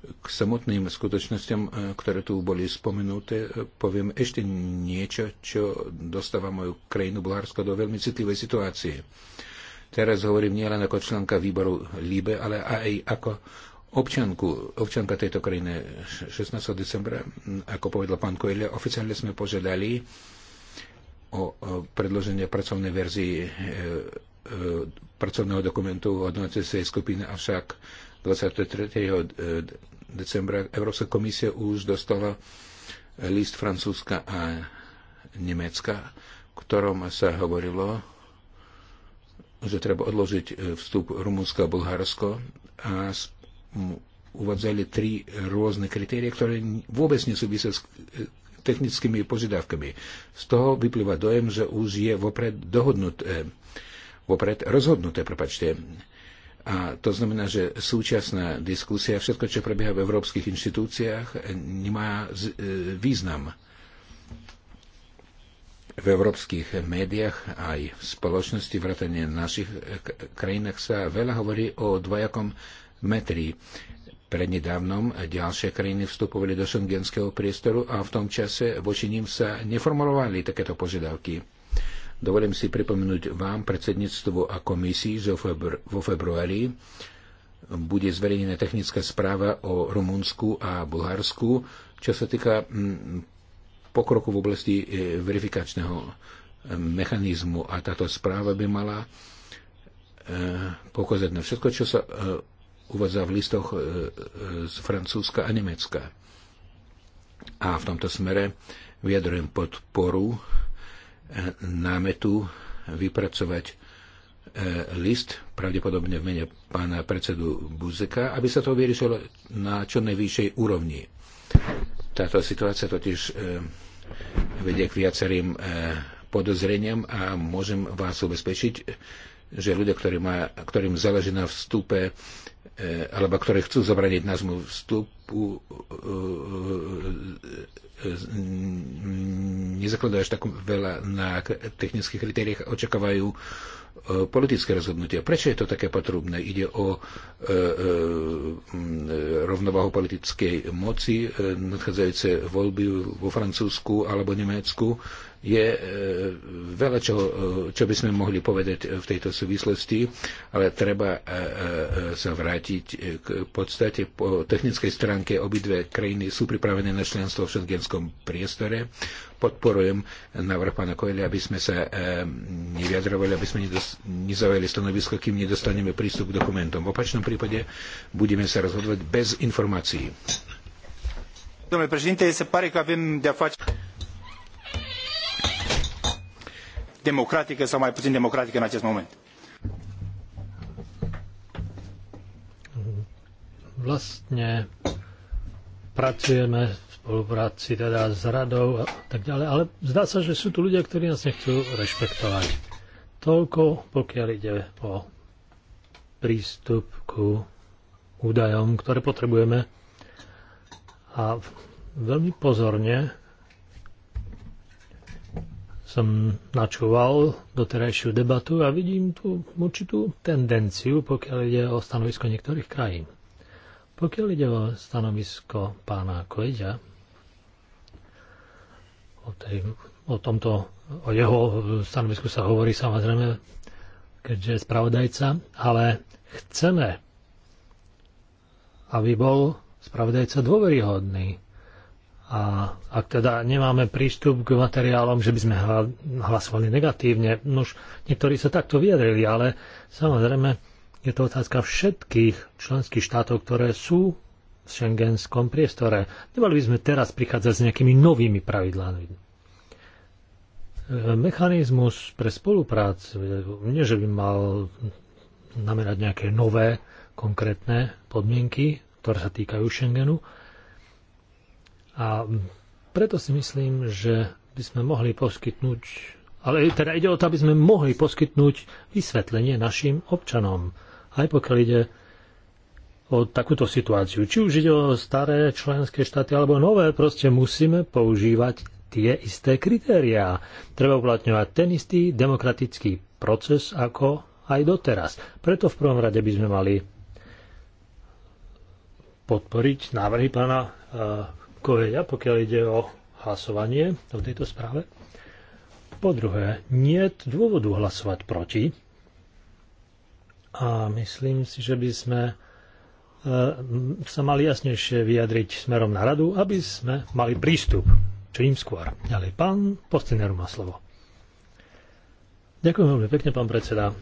Speaker 1: k samotným skutočnosťam, e, ktoré tu boli spomenuté, e, poviem ešte niečo, čo dostáva moju krajinu Bulharsko do veľmi citlivej situácie. Teraz hovorím nielen ako členka výboru LIBE, ale aj ako občanku, občanka tejto krajiny 16. decembra, ako povedal pán Koelia, oficiálne sme požiadali o predloženie pracovnej verzii e, pracovného dokumentu hodnotecej skupiny, avšak 23. E, decembra Európska komisia už dostala list Francúzska a Nemecka, v ktorom sa hovorilo, že treba odložiť e, vstup Rumunsko a Bulharsko a uvádzali tri rôzne kritérie, ktoré vôbec nesúvisia s e, technickými požiadavkami. Z toho vyplýva dojem, že už je vopred dohodnuté, vopred rozhodnuté, prepačte, a to znamená, že súčasná diskusia, všetko, čo prebieha v európskych inštitúciách, nemá e, význam. V európskych médiách aj v spoločnosti, vrátane našich e, krajinách sa veľa hovorí o dvojakom metri. Prednedávnom ďalšie krajiny vstupovali do šengenského priestoru a v tom čase voči ním sa neformulovali takéto požiadavky Dovolím si pripomenúť vám, predsedníctvo a komisii, že vo februári bude zverejnená technická správa o Rumunsku a Bulharsku, čo sa týka mm, pokroku v oblasti e, verifikačného e, mechanizmu. A táto správa by mala e, pokazať na všetko, čo sa uvádza v listoch z Francúzska a Nemecka. A v tomto smere vyjadrujem podporu námetu vypracovať e, list, pravdepodobne v mene pána predsedu Buzeka, aby sa to vyriešilo na čo najvyššej úrovni. Táto situácia totiž e, vedie k viacerým e, podozreniam a môžem vás ubezpečiť, že ľudia, ktorí má, ktorým záleží na vstupe alebo ktorí chcú zabraniť mu vstupu, nezakladajú až tak veľa na technických kritériách, očakávajú e, politické rozhodnutia. Prečo je to také potrubné? Ide o rovnovahu e, e, rovnováhu politickej moci, nadchádzajúce voľby vo Francúzsku alebo Nemecku. Je e, veľa čo, e, čo by sme mohli povedať e, v tejto súvislosti, ale treba sa vrátiť k podstate po technickej stránke. Obidve krajiny sú pripravené na členstvo v šengenskom priestore. Podporujem návrh pána Koelia, aby sme sa nevyjadrovali, aby sme nezaujali stanovisko, kým nedostaneme prístup k dokumentom. V opačnom prípade budeme sa rozhodovať bez informácií. Domnule președinte, se pare că avem de-a face democratică sau mai puțin democratică în acest moment.
Speaker 3: Vlastne pracujeme v spolupráci teda s radou a tak ďalej, ale zdá sa, že sú tu ľudia, ktorí nás nechcú rešpektovať. Toľko, pokiaľ ide o prístup ku údajom, ktoré potrebujeme. A veľmi pozorne som načúval doterajšiu debatu a vidím tu určitú tendenciu, pokiaľ ide o stanovisko niektorých krajín. Pokiaľ ide o stanovisko pána Kojďa, o, tej, o tomto, o jeho stanovisku sa hovorí samozrejme, keďže je spravodajca, ale chceme, aby bol spravodajca dôveryhodný, a ak teda nemáme prístup k materiálom, že by sme hlasovali negatívne, nož niektorí sa takto vyjadrili, ale samozrejme je to otázka všetkých členských štátov, ktoré sú v šengenskom priestore. Nemali by sme teraz prichádzať s nejakými novými pravidlami. E, mechanizmus pre spoluprácu, nie že by mal namerať nejaké nové konkrétne podmienky, ktoré sa týkajú Schengenu, a preto si myslím, že by sme mohli poskytnúť, ale teda ide o to, aby sme mohli poskytnúť vysvetlenie našim občanom. Aj pokiaľ ide o takúto situáciu. Či už ide o staré členské štáty alebo nové, proste musíme používať tie isté kritériá. Treba uplatňovať ten istý demokratický proces ako aj doteraz. Preto v prvom rade by sme mali podporiť návrhy pána eh, Koeja, pokiaľ ide o hlasovanie v tejto správe. Po druhé, nie je dôvodu hlasovať proti. A myslím si, že by sme e, sa mali jasnejšie vyjadriť smerom na radu, aby sme mali prístup čím skôr. Ďalej, pán Postiner má slovo. Ďakujem veľmi pekne, pán predseda.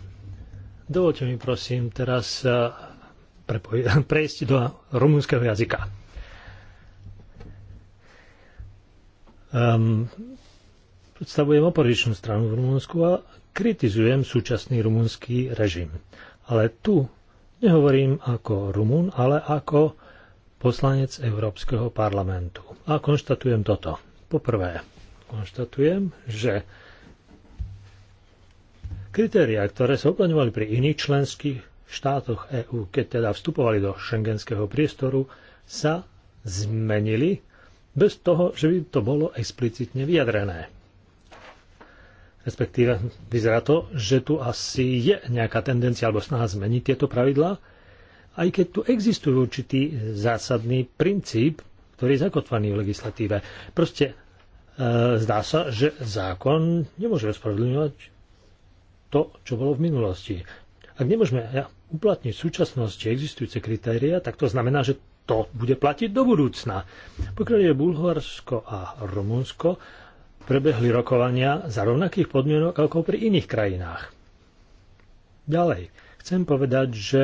Speaker 3: Dovolte mi prosím teraz [laughs] prejsť do rumúnskeho jazyka. Um, predstavujem opozičnú stranu v Rumunsku a kritizujem súčasný rumunský režim. Ale tu nehovorím ako Rumun, ale ako poslanec Európskeho parlamentu. A konštatujem toto. Poprvé, konštatujem, že kritériá, ktoré sa uplňovali pri iných členských štátoch EÚ, keď teda vstupovali do šengenského priestoru, sa zmenili bez toho, že by to bolo explicitne vyjadrené. Respektíve vyzerá to, že tu asi je nejaká tendencia alebo snaha zmeniť tieto pravidlá, aj keď tu existuje určitý zásadný princíp, ktorý je zakotvaný v legislatíve. Proste e, zdá sa, že zákon nemôže ospravedlňovať to, čo bolo v minulosti. Ak nemôžeme uplatniť v súčasnosti existujúce kritéria, tak to znamená, že to bude platiť do budúcna. Pokiaľ je Bulharsko a Rumunsko, prebehli rokovania za rovnakých podmienok ako pri iných krajinách. Ďalej, chcem povedať, že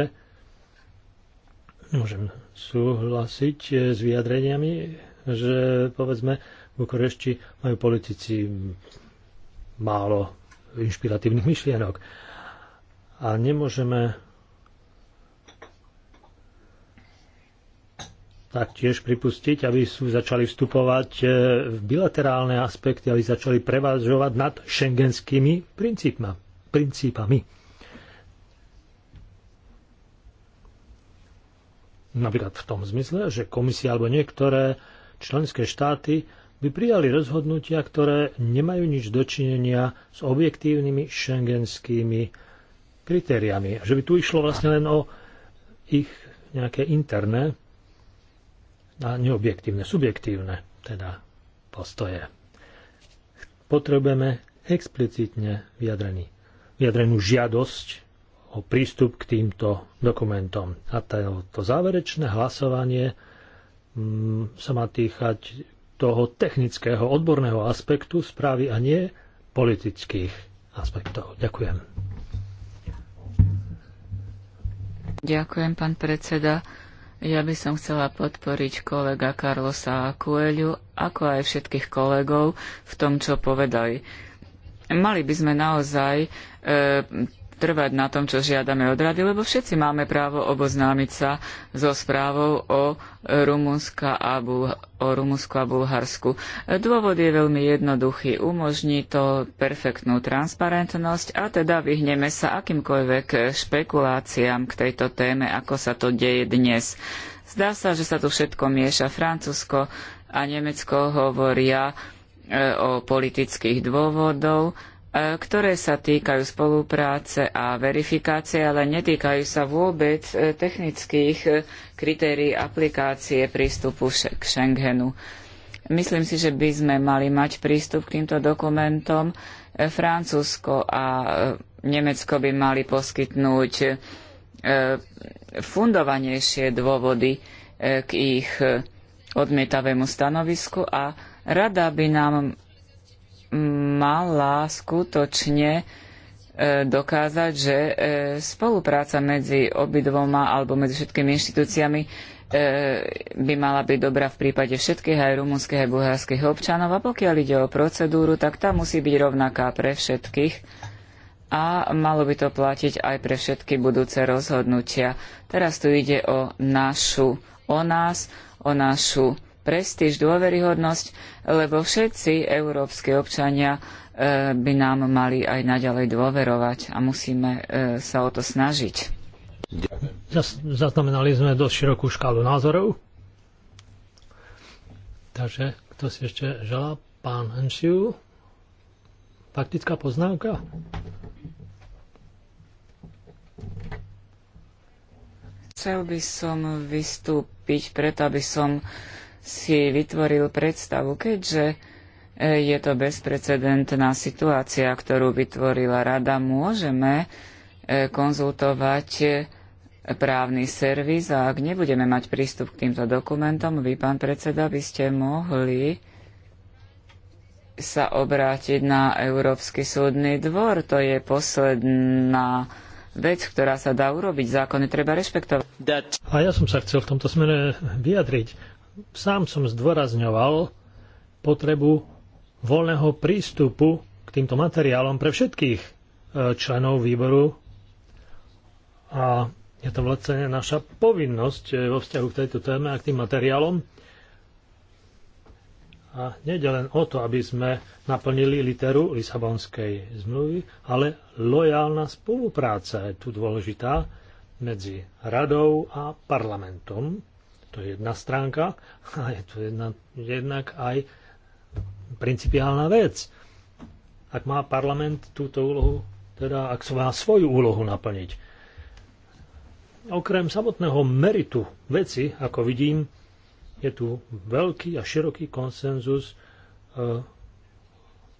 Speaker 3: môžem súhlasiť s vyjadreniami, že povedzme v Bukurešti majú politici málo inšpiratívnych myšlienok. A nemôžeme Tak tiež pripustiť, aby sú začali vstupovať e, v bilaterálne aspekty, aby začali prevážovať nad šengenskými princípami. Napríklad v tom zmysle, že komisia alebo niektoré členské štáty by prijali rozhodnutia, ktoré nemajú nič dočinenia s objektívnymi šengenskými kritériami. Že by tu išlo vlastne len o ich nejaké interné a neobjektívne, subjektívne teda postoje. Potrebujeme explicitne vyjadrený, vyjadrenú žiadosť o prístup k týmto dokumentom. A to, to záverečné hlasovanie mm, sa má týkať toho technického, odborného aspektu správy a nie politických aspektov. Ďakujem.
Speaker 2: Ďakujem, pán predseda. Ja by som chcela podporiť kolega Carlosa Kueľu, ako aj všetkých kolegov v tom, čo povedali. Mali by sme naozaj e, trvať na tom, čo žiadame od rady, lebo všetci máme právo oboznámiť sa so správou o Rumunska a, Bul- o Rumunsku a Bulharsku. Dôvod je veľmi jednoduchý. Umožní to perfektnú transparentnosť a teda vyhneme sa akýmkoľvek špekuláciám k tejto téme, ako sa to deje dnes. Zdá sa, že sa tu všetko mieša. Francúzsko a Nemecko hovoria e, o politických dôvodoch. E, ktoré sa týkajú spolupráce a verifikácie, ale netýkajú sa vôbec e, technických e, kritérií aplikácie prístupu k Schengenu. Myslím si, že by sme mali mať prístup k týmto dokumentom. Francúzsko a Nemecko by mali poskytnúť fundovanejšie dôvody k ich odmietavému stanovisku a rada by nám mala skutočne e, dokázať, že e, spolupráca medzi obidvoma alebo medzi všetkými inštitúciami e, by mala byť dobrá v prípade všetkých aj rumunských aj bulharských občanov a pokiaľ ide o procedúru, tak tá musí byť rovnaká pre všetkých a malo by to platiť aj pre všetky budúce rozhodnutia. Teraz tu ide o našu, o nás, o našu prestíž, dôveryhodnosť, lebo všetci európske občania e, by nám mali aj naďalej dôverovať a musíme e, sa o to snažiť.
Speaker 3: Zaznamenali sme dosť širokú škálu názorov. Takže, kto si ešte želá? Pán Hensiu? Faktická poznámka?
Speaker 2: Chcel by som vystúpiť preto, aby som si vytvoril predstavu, keďže e, je to bezprecedentná situácia, ktorú vytvorila rada, môžeme e, konzultovať e, právny servis a ak nebudeme mať prístup k týmto dokumentom, vy, pán predseda, by ste mohli sa obrátiť na Európsky súdny dvor. To je posledná vec, ktorá sa dá urobiť. Zákony treba rešpektovať.
Speaker 3: A ja som sa chcel v tomto smere vyjadriť sám som zdôrazňoval potrebu voľného prístupu k týmto materiálom pre všetkých e, členov výboru a je to vlastne naša povinnosť e, vo vzťahu k tejto téme a k tým materiálom. A nejde len o to, aby sme naplnili literu Lisabonskej zmluvy, ale lojálna spolupráca je tu dôležitá medzi radou a parlamentom to je jedna stránka, ale [laughs] je to jedna, jednak aj principiálna vec. Ak má parlament túto úlohu, teda ak má svoju úlohu naplniť. Okrem samotného meritu veci, ako vidím, je tu veľký a široký konsenzus, e,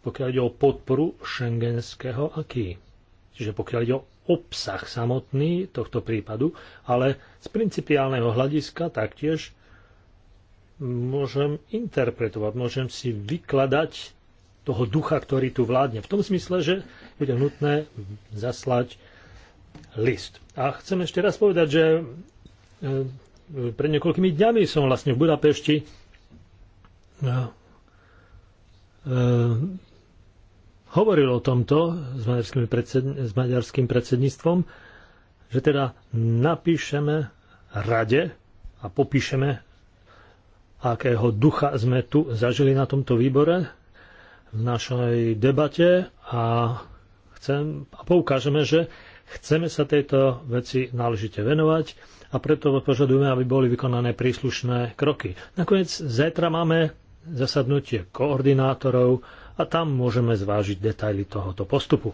Speaker 3: pokiaľ ide o podporu šengenského aký. Čiže pokiaľ ide o obsah samotný tohto prípadu, ale z principiálneho hľadiska taktiež môžem interpretovať, môžem si vykladať toho ducha, ktorý tu vládne. V tom smysle, že bude nutné zaslať list. A chcem ešte raz povedať, že e, pred niekoľkými dňami som vlastne v Budapešti e, e, hovoril o tomto s maďarským, predsed- s maďarským predsedníctvom, že teda napíšeme rade a popíšeme, akého ducha sme tu zažili na tomto výbore v našej debate a, chcem, a poukážeme, že chceme sa tejto veci náležite venovať a preto požadujeme, aby boli vykonané príslušné kroky. Nakoniec zajtra máme zasadnutie koordinátorov a tam môžeme zvážiť detaily tohoto postupu.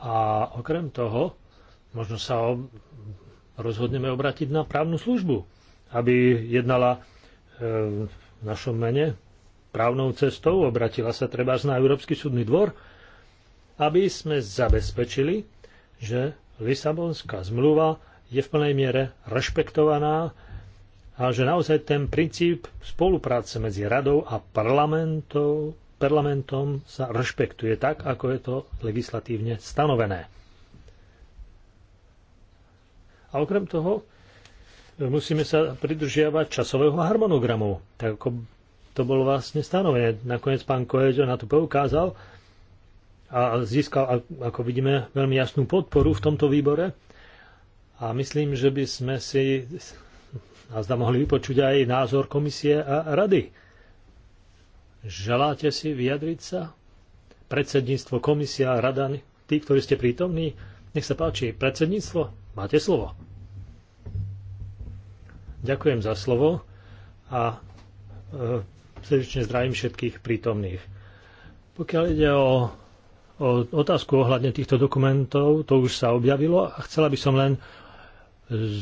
Speaker 3: A okrem toho, možno sa rozhodneme obratiť na právnu službu, aby jednala e, v našom mene právnou cestou, obratila sa treba na Európsky súdny dvor, aby sme zabezpečili, že Lisabonská zmluva je v plnej miere rešpektovaná a že naozaj ten princíp spolupráce medzi radou a parlamentom, parlamentom sa rešpektuje tak, ako je to legislatívne stanovené. A okrem toho musíme sa pridržiavať časového harmonogramu, tak ako to bolo vlastne stanovené. Nakoniec pán Koežo na to poukázal a získal, ako vidíme, veľmi jasnú podporu v tomto výbore. A myslím, že by sme si a zda mohli vypočuť aj názor komisie a rady. Želáte si vyjadriť sa? Predsedníctvo, komisia, rada, tí, ktorí ste prítomní, nech sa páči, predsedníctvo, máte slovo. Ďakujem za slovo a e, srdečne zdravím všetkých prítomných. Pokiaľ ide o, o otázku ohľadne týchto dokumentov, to už sa objavilo a chcela by som len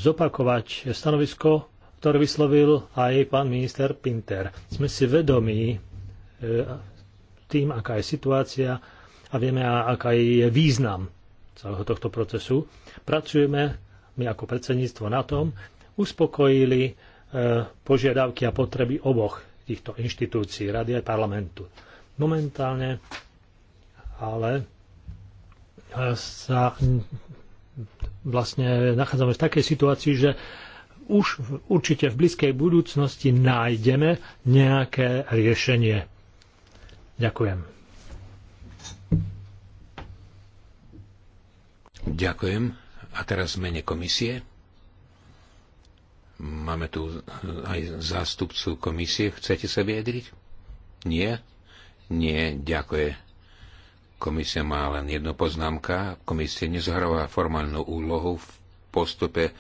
Speaker 3: zopakovať stanovisko ktorý vyslovil aj pán minister Pinter. Sme si vedomí e, tým, aká je situácia a vieme, aká je význam celého tohto procesu. Pracujeme, my ako predsedníctvo na tom, uspokojili e, požiadavky a potreby oboch týchto inštitúcií, rady aj parlamentu. Momentálne ale e, sa vlastne nachádzame v takej situácii, že už v, určite v blízkej budúcnosti nájdeme nejaké riešenie. Ďakujem.
Speaker 1: Ďakujem. A teraz mene komisie. Máme tu aj zástupcu komisie. Chcete sa vyjadriť? Nie? Nie, ďakujem. Komisia má len jednu poznámka. Komisia nezohráva formálnu úlohu v postupe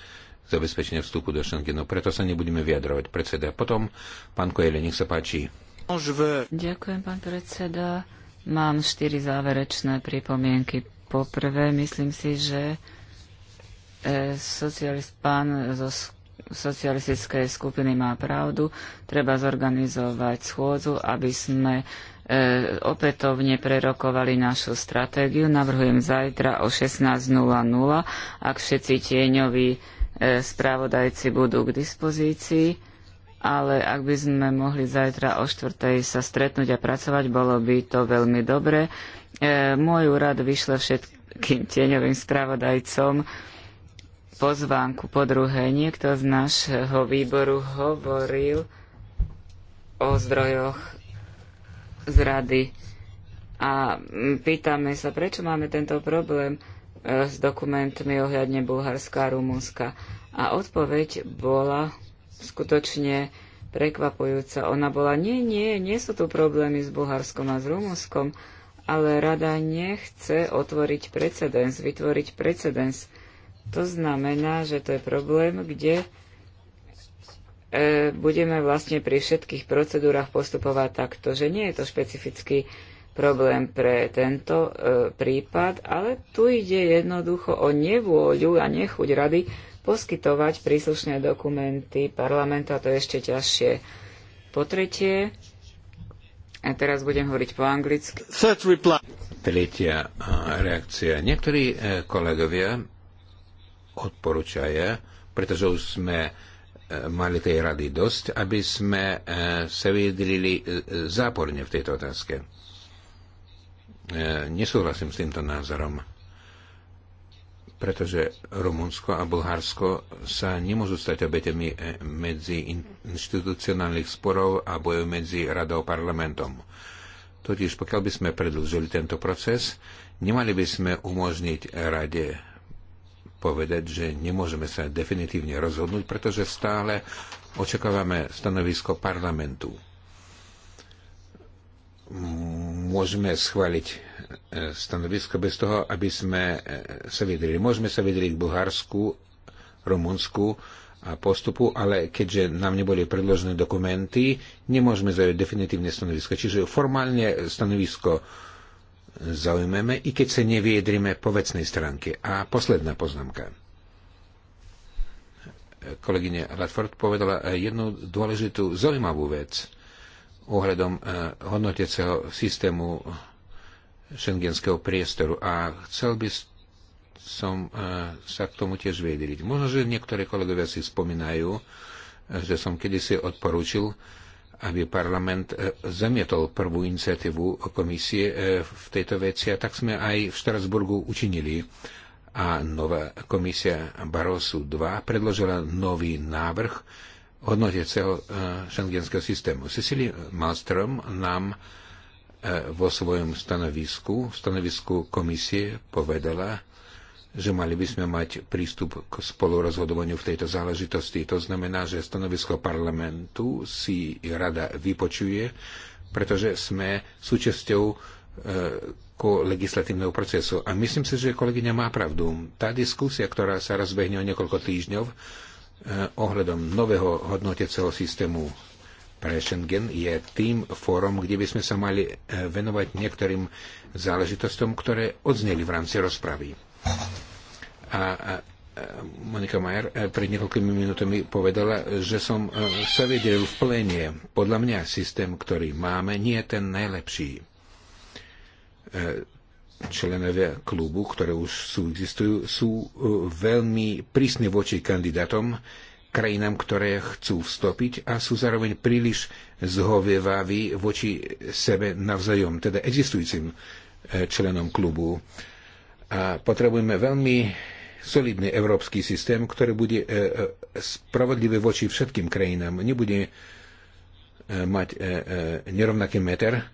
Speaker 1: zabezpečenia vstupu do Schengenu. No preto sa nebudeme vyjadrovať predseda. Potom, pán Koeli, nech sa páči.
Speaker 2: Ďakujem, pán predseda. Mám štyri záverečné pripomienky. Poprvé, myslím si, že e, socialist, pán zo socialistickej skupiny má pravdu. Treba zorganizovať schôdzu, aby sme e, opätovne prerokovali našu stratégiu. Navrhujem zajtra o 16.00, ak všetci tieňoví správodajci budú k dispozícii, ale ak by sme mohli zajtra o štvrtej sa stretnúť a pracovať, bolo by to veľmi dobre. E, môj úrad vyšle všetkým tieňovým správodajcom pozvánku. Po druhé, niekto z nášho výboru hovoril o zdrojoch z rady a pýtame sa, prečo máme tento problém E, s dokumentmi ohľadne Bulharska a Rumunska. A odpoveď bola skutočne prekvapujúca. Ona bola, nie, nie, nie sú tu problémy s Bulharskom a s Rumunskom, ale rada nechce otvoriť precedens, vytvoriť precedens. To znamená, že to je problém, kde e, budeme vlastne pri všetkých procedúrach postupovať takto, že nie je to špecificky problém pre tento e, prípad, ale tu ide jednoducho o nevôľu a nechuť rady poskytovať príslušné dokumenty parlamentu a to je ešte ťažšie. Po tretie, a teraz budem hovoriť po anglicky.
Speaker 1: Tretia e, reakcia. Niektorí e, kolegovia odporúčajú, pretože už sme e, mali tej rady dosť, aby sme sa vyjadrili záporne v tejto otázke. E, nesúhlasím s týmto názorom, pretože Rumunsko a Bulharsko sa nemôžu stať obetemi e, medzi inštitucionálnych sporov a bojov medzi radou a parlamentom. Totiž pokiaľ by sme predlžili tento proces, nemali by sme umožniť rade povedať, že nemôžeme sa definitívne rozhodnúť, pretože stále očakávame stanovisko parlamentu môžeme schváliť e, stanovisko bez toho, aby sme e, sa vydrili. Môžeme sa vydriť k Bulharsku, Rumunsku a postupu, ale keďže nám neboli predložené dokumenty, nemôžeme zaujať definitívne stanovisko. Čiže formálne stanovisko zaujmeme, i keď sa neviedrime po vecnej stránke. A posledná poznámka. Kolegyne Radford povedala jednu dôležitú, zaujímavú vec ohľadom e, hodnotiaceho systému šengenského priestoru a chcel by som e, sa k tomu tiež vyjadriť. Možno, že niektoré kolegovia si spomínajú, že som kedysi odporúčil, aby parlament e, zamietol prvú iniciatívu komisie v tejto veci a tak sme aj v Štrasburgu učinili. A nová komisia Barosu 2 predložila nový návrh, celého e, šengenského systému. Cecily Malmström nám e, vo svojom stanovisku, stanovisku komisie povedala, že mali by sme mať prístup k spolurozhodovaniu v tejto záležitosti. To znamená, že stanovisko parlamentu si rada vypočuje, pretože sme súčasťou e, ko legislatívneho procesu. A myslím si, že kolegyňa má pravdu. Tá diskusia, ktorá sa rozbehne o niekoľko týždňov, Eh, ohľadom nového hodnoteceho systému pre Schengen je tým fórom, kde by sme sa mali eh, venovať niektorým záležitostom, ktoré odzneli v rámci rozpravy. A Monika Majer eh, pred niekoľkými minutami povedala, že som sa vedel v pléne, Podľa mňa systém, ktorý máme, nie je ten najlepší členovia klubu, ktoré už sú, existujú, sú e, veľmi prísne voči kandidátom, krajinám, ktoré chcú vstúpiť a sú zároveň príliš zhovievaví voči sebe navzájom, teda existujúcim e, členom klubu. A potrebujeme veľmi solidný európsky systém, ktorý bude e, spravodlivý voči všetkým krajinám. Nebude mať nerovnaký meter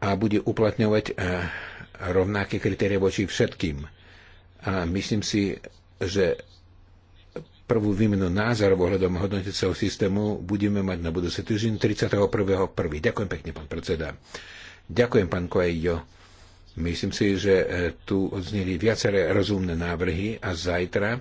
Speaker 1: a bude uplatňovať eh, rovnaké kritérie voči všetkým. A myslím si, že prvú výmenu názorov ohľadom hodnoticeho systému budeme mať na budúci týždeň 31.1. Ďakujem pekne, pán predseda. Ďakujem, pán Koejo. Myslím si, že eh, tu odzneli viaceré rozumné návrhy a zajtra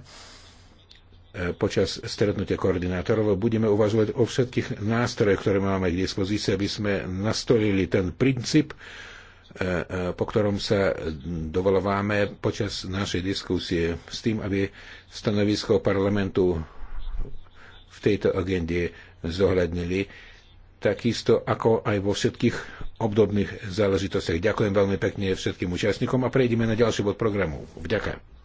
Speaker 1: počas stretnutia koordinátorov budeme uvažovať o všetkých nástrojoch, ktoré máme k dispozícii, aby sme nastolili ten princíp, e, e, po ktorom sa dovolováme počas našej diskusie s tým, aby stanovisko parlamentu v tejto agende zohľadnili, takisto ako aj vo všetkých obdobných záležitostiach. Ďakujem veľmi pekne všetkým účastníkom a prejdeme na ďalší bod programu. Vďaka.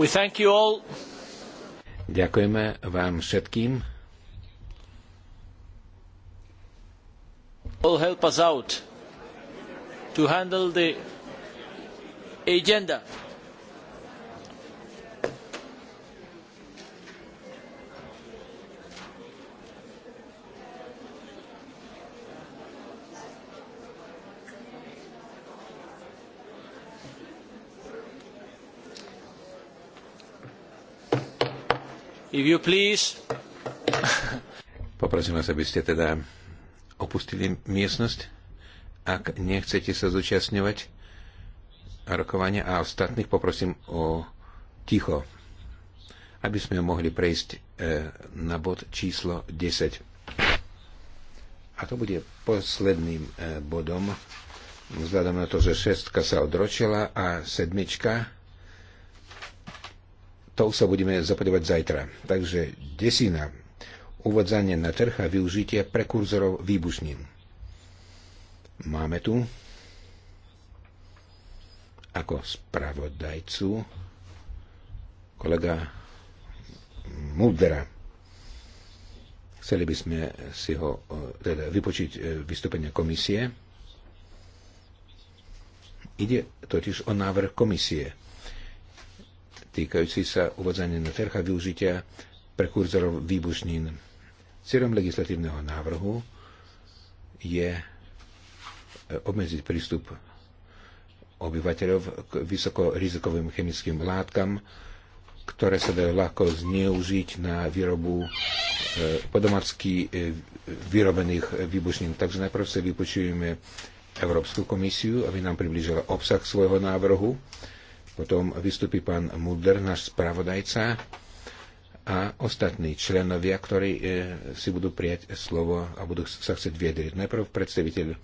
Speaker 1: We thank you all. Ďakujeme vám všetkým.
Speaker 3: All help us out to handle the agenda.
Speaker 1: Poprosím vás, aby ste teda opustili miestnosť, ak nechcete sa zúčastňovať rokovania a ostatných poprosím o ticho, aby sme mohli prejsť e, na bod číslo 10. A to bude posledným e, bodom, vzhľadom na to, že šestka sa odročila a sedmička to sa budeme zapodovať zajtra. Takže desina, uvádzanie na trh a využitie prekurzorov výbušnín. Máme tu ako spravodajcu kolega Muldera. Chceli by sme si ho e, teda vypočiť e, vystúpenie komisie. Ide totiž o návrh komisie týkajúci sa uvádzania na trh a využitia prekurzorov výbušnín. Cieľom legislatívneho návrhu je e, obmedziť prístup obyvateľov k vysokorizikovým chemickým látkam, ktoré sa dajú ľahko zneužiť na výrobu e, podomacky e, vyrobených výbušnín. Takže najprv sa vypočujeme Európsku komisiu, aby nám priblížila obsah svojho návrhu potom vystupí pán Mulder, náš spravodajca a ostatní členovia, ktorí e, si budú prijať slovo a budú sa chcieť viedriť. Najprv predstaviteľ, e,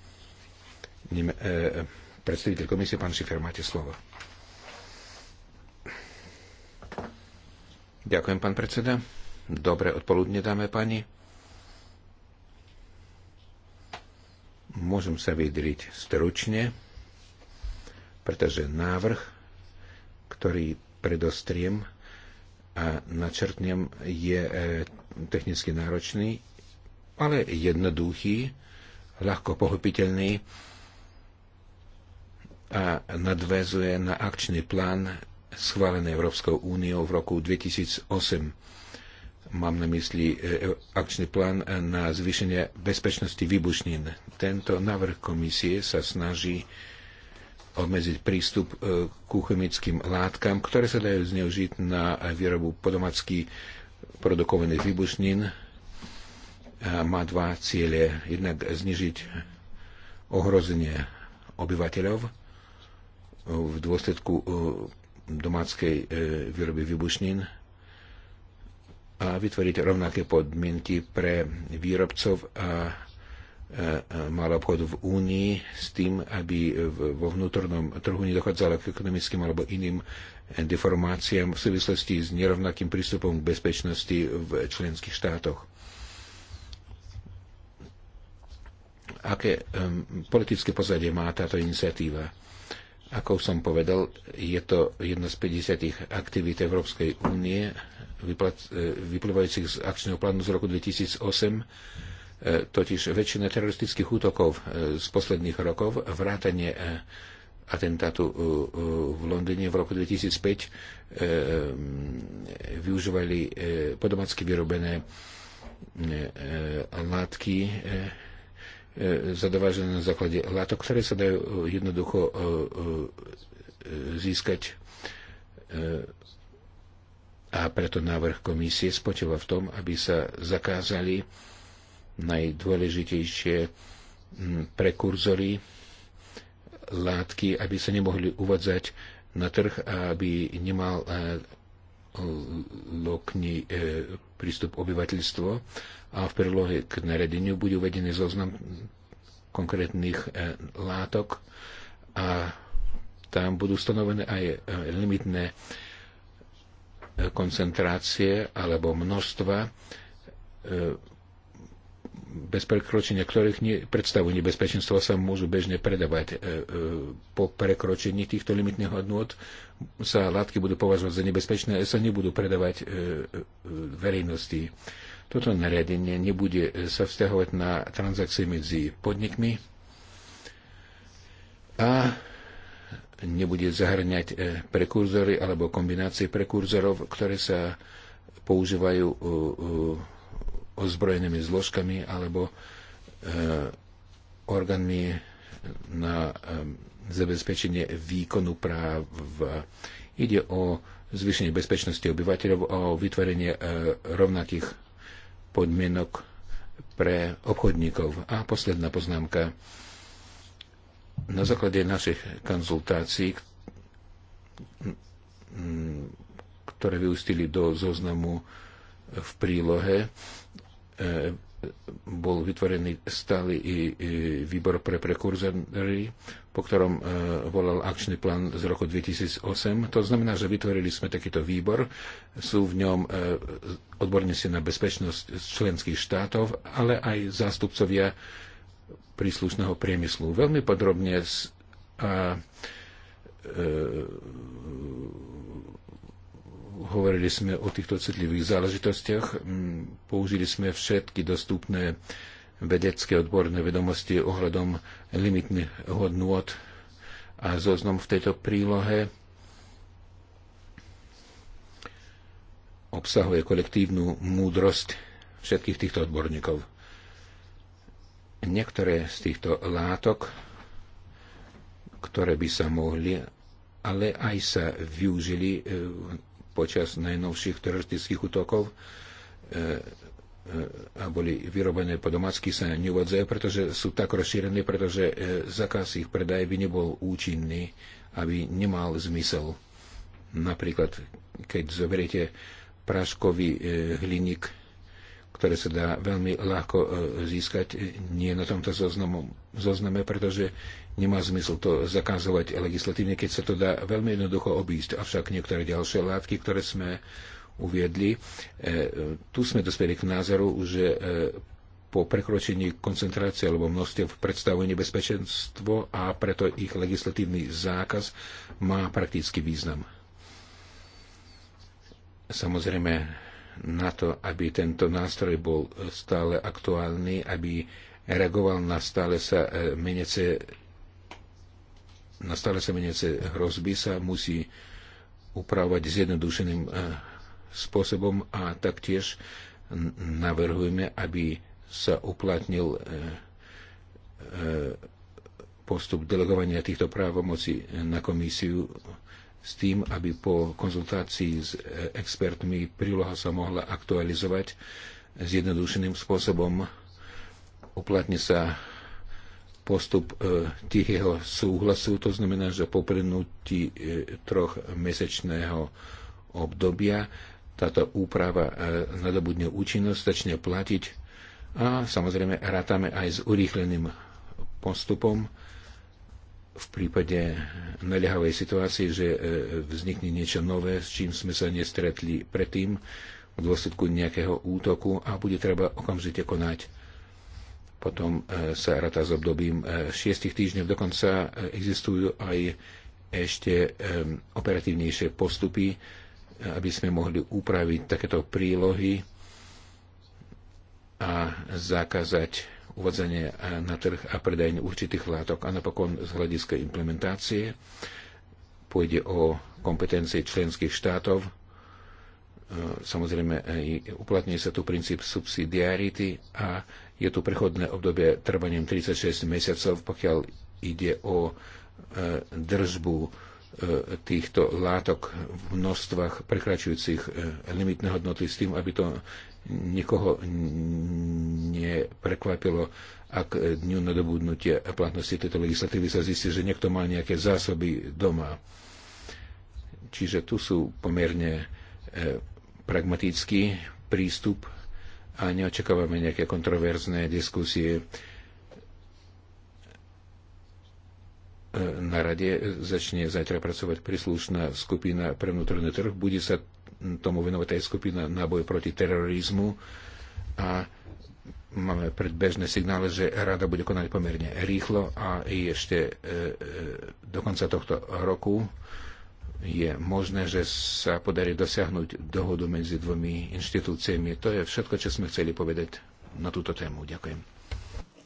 Speaker 1: predstaviteľ komisie, pán Šifer, máte slovo. Ďakujem, pán predseda. Dobre odpoludne, dáme pani. Môžem sa vydriť stručne, pretože návrh ktorý predostriem a načrtnem, je e, technicky náročný, ale jednoduchý, ľahko pochopiteľný a nadväzuje na akčný plán schválený Európskou úniou v roku 2008. Mám na mysli e, e, akčný plán na zvýšenie bezpečnosti výbušnín. Tento návrh komisie sa snaží obmedziť prístup e, ku chemickým látkam, ktoré sa dajú zneužiť na výrobu podomacky produkovaných výbušnín. E, má dva ciele. Jednak znižiť ohrozenie obyvateľov v dôsledku e, domáckej výroby výbušnín a vytvoriť rovnaké podmienky pre výrobcov a E, e, mal obchod v Únii s tým, aby vo vnútornom trhu nedochádzalo k ekonomickým alebo iným deformáciám v súvislosti s nerovnakým prístupom k bezpečnosti v členských štátoch. Aké um, politické pozadie má táto iniciatíva? Ako som povedal, je to jedna z 50 aktivít Európskej únie e, vyplývajúcich z akčného plánu z roku 2008 E, totiž väčšina teroristických útokov e, z posledných rokov, vrátanie e, atentátu v Londýne v roku 2005, využívali podomacky vyrobené látky zadovážené na základe látok, ktoré sa dajú jednoducho získať a preto návrh komisie spočíva v tom, aby sa zakázali najdôležitejšie mm, prekurzory látky, aby sa nemohli uvádzať na trh a aby nemal e, lokni e, prístup obyvateľstvo a v prílohe k naredeniu bude uvedený zoznam konkrétnych e, látok a tam budú stanovené aj limitné koncentrácie alebo množstva bez prekročenia ktorých nie, predstavujú nebezpečenstvo, sa môžu bežne predávať. E, e, po prekročení týchto limitných hodnôt sa látky budú považovať za nebezpečné a sa nebudú predávať e, verejnosti. Toto nariadenie nebude sa vzťahovať na transakcie medzi podnikmi a nebude zahrňať prekurzory alebo kombinácie prekurzorov, ktoré sa používajú ozbrojenými zložkami alebo e, orgánmi na e, zabezpečenie výkonu práv. Ide o zvýšenie bezpečnosti obyvateľov, o vytvorenie e, rovnakých podmienok pre obchodníkov. A posledná poznámka. Na základe našich konzultácií, ktoré vyústili do zoznamu v prílohe, E, bol vytvorený stály i výbor pre prekurzory, po ktorom e, volal akčný plán z roku 2008. To znamená, že vytvorili sme takýto výbor. Sú v ňom e, odborníci na bezpečnosť členských štátov, ale aj zástupcovia príslušného priemyslu. Veľmi podrobne a, e, hovorili sme o týchto citlivých záležitostiach, mm, použili sme všetky dostupné vedecké odborné vedomosti ohľadom limitných hodnôt a zoznam v tejto prílohe obsahuje kolektívnu múdrosť všetkých týchto odborníkov. Niektoré z týchto látok, ktoré by sa mohli, ale aj sa využili e, počas najnovších teroristických útokov e, e, a boli vyrobené po domácky, sa neuvádzajú, pretože sú tak rozšírené, pretože e, zákaz ich predaj by nebol účinný, aby nemal zmysel. Napríklad, keď zoberiete práškový hliník, ktoré sa dá veľmi ľahko získať, nie na tomto zozname, pretože Nemá zmysel to zakázovať legislatívne, keď sa to dá veľmi jednoducho obísť. Avšak niektoré ďalšie látky, ktoré sme uviedli, e, tu sme dospeli k názoru, že e, po prekročení koncentrácie alebo množstiev predstavuje nebezpečenstvo a preto ich legislatívny zákaz má praktický význam. Samozrejme, na to, aby tento nástroj bol stále aktuálny, aby reagoval na stále sa e, meniace na stále sa meniace hrozby sa musí upravovať zjednodušeným eh, spôsobom a taktiež navrhujeme, aby sa uplatnil eh, eh, postup delegovania týchto právomocí na komisiu s tým, aby po konzultácii s expertmi príloha sa mohla aktualizovať zjednodušeným spôsobom. Uplatne sa postup e, tichého súhlasu, to znamená, že po plynutí e, trochmesečného obdobia táto úprava e, nadobudne účinnosť, začne platiť a samozrejme rátame aj s urýchleným postupom v prípade naliehavej situácie, že vznikne niečo nové, s čím sme sa nestretli predtým v dôsledku nejakého útoku a bude treba okamžite konať potom e, sa rata s obdobím 6 e, týždňov. Dokonca e, existujú aj ešte operatívnejšie postupy, aby sme mohli upraviť takéto prílohy a zakázať uvádzanie na trh a predajne určitých látok. A napokon z hľadiska implementácie pôjde o kompetencie členských štátov Samozrejme, uplatňuje sa tu princíp subsidiarity a je tu prechodné obdobie trvaním 36 mesiacov, pokiaľ ide o e, držbu e, týchto látok v množstvách prekračujúcich e, limitné hodnoty s tým, aby to nikoho neprekvapilo, ak dňu nadobudnutia platnosti tejto legislatívy sa zistí, že niekto má nejaké zásoby doma. Čiže tu sú pomerne pragmatický prístup a neočakávame nejaké kontroverzné diskusie e, na rade začne zajtra pracovať príslušná skupina pre vnútorný trh. Bude sa tomu venovať aj skupina na boj proti terorizmu a máme predbežné signály, že rada bude konať pomerne rýchlo a ešte e, e, do konca tohto roku je možné, že sa podarí dosiahnuť dohodu medzi dvomi inštitúciami. To je všetko, čo sme chceli povedať na túto tému. Ďakujem.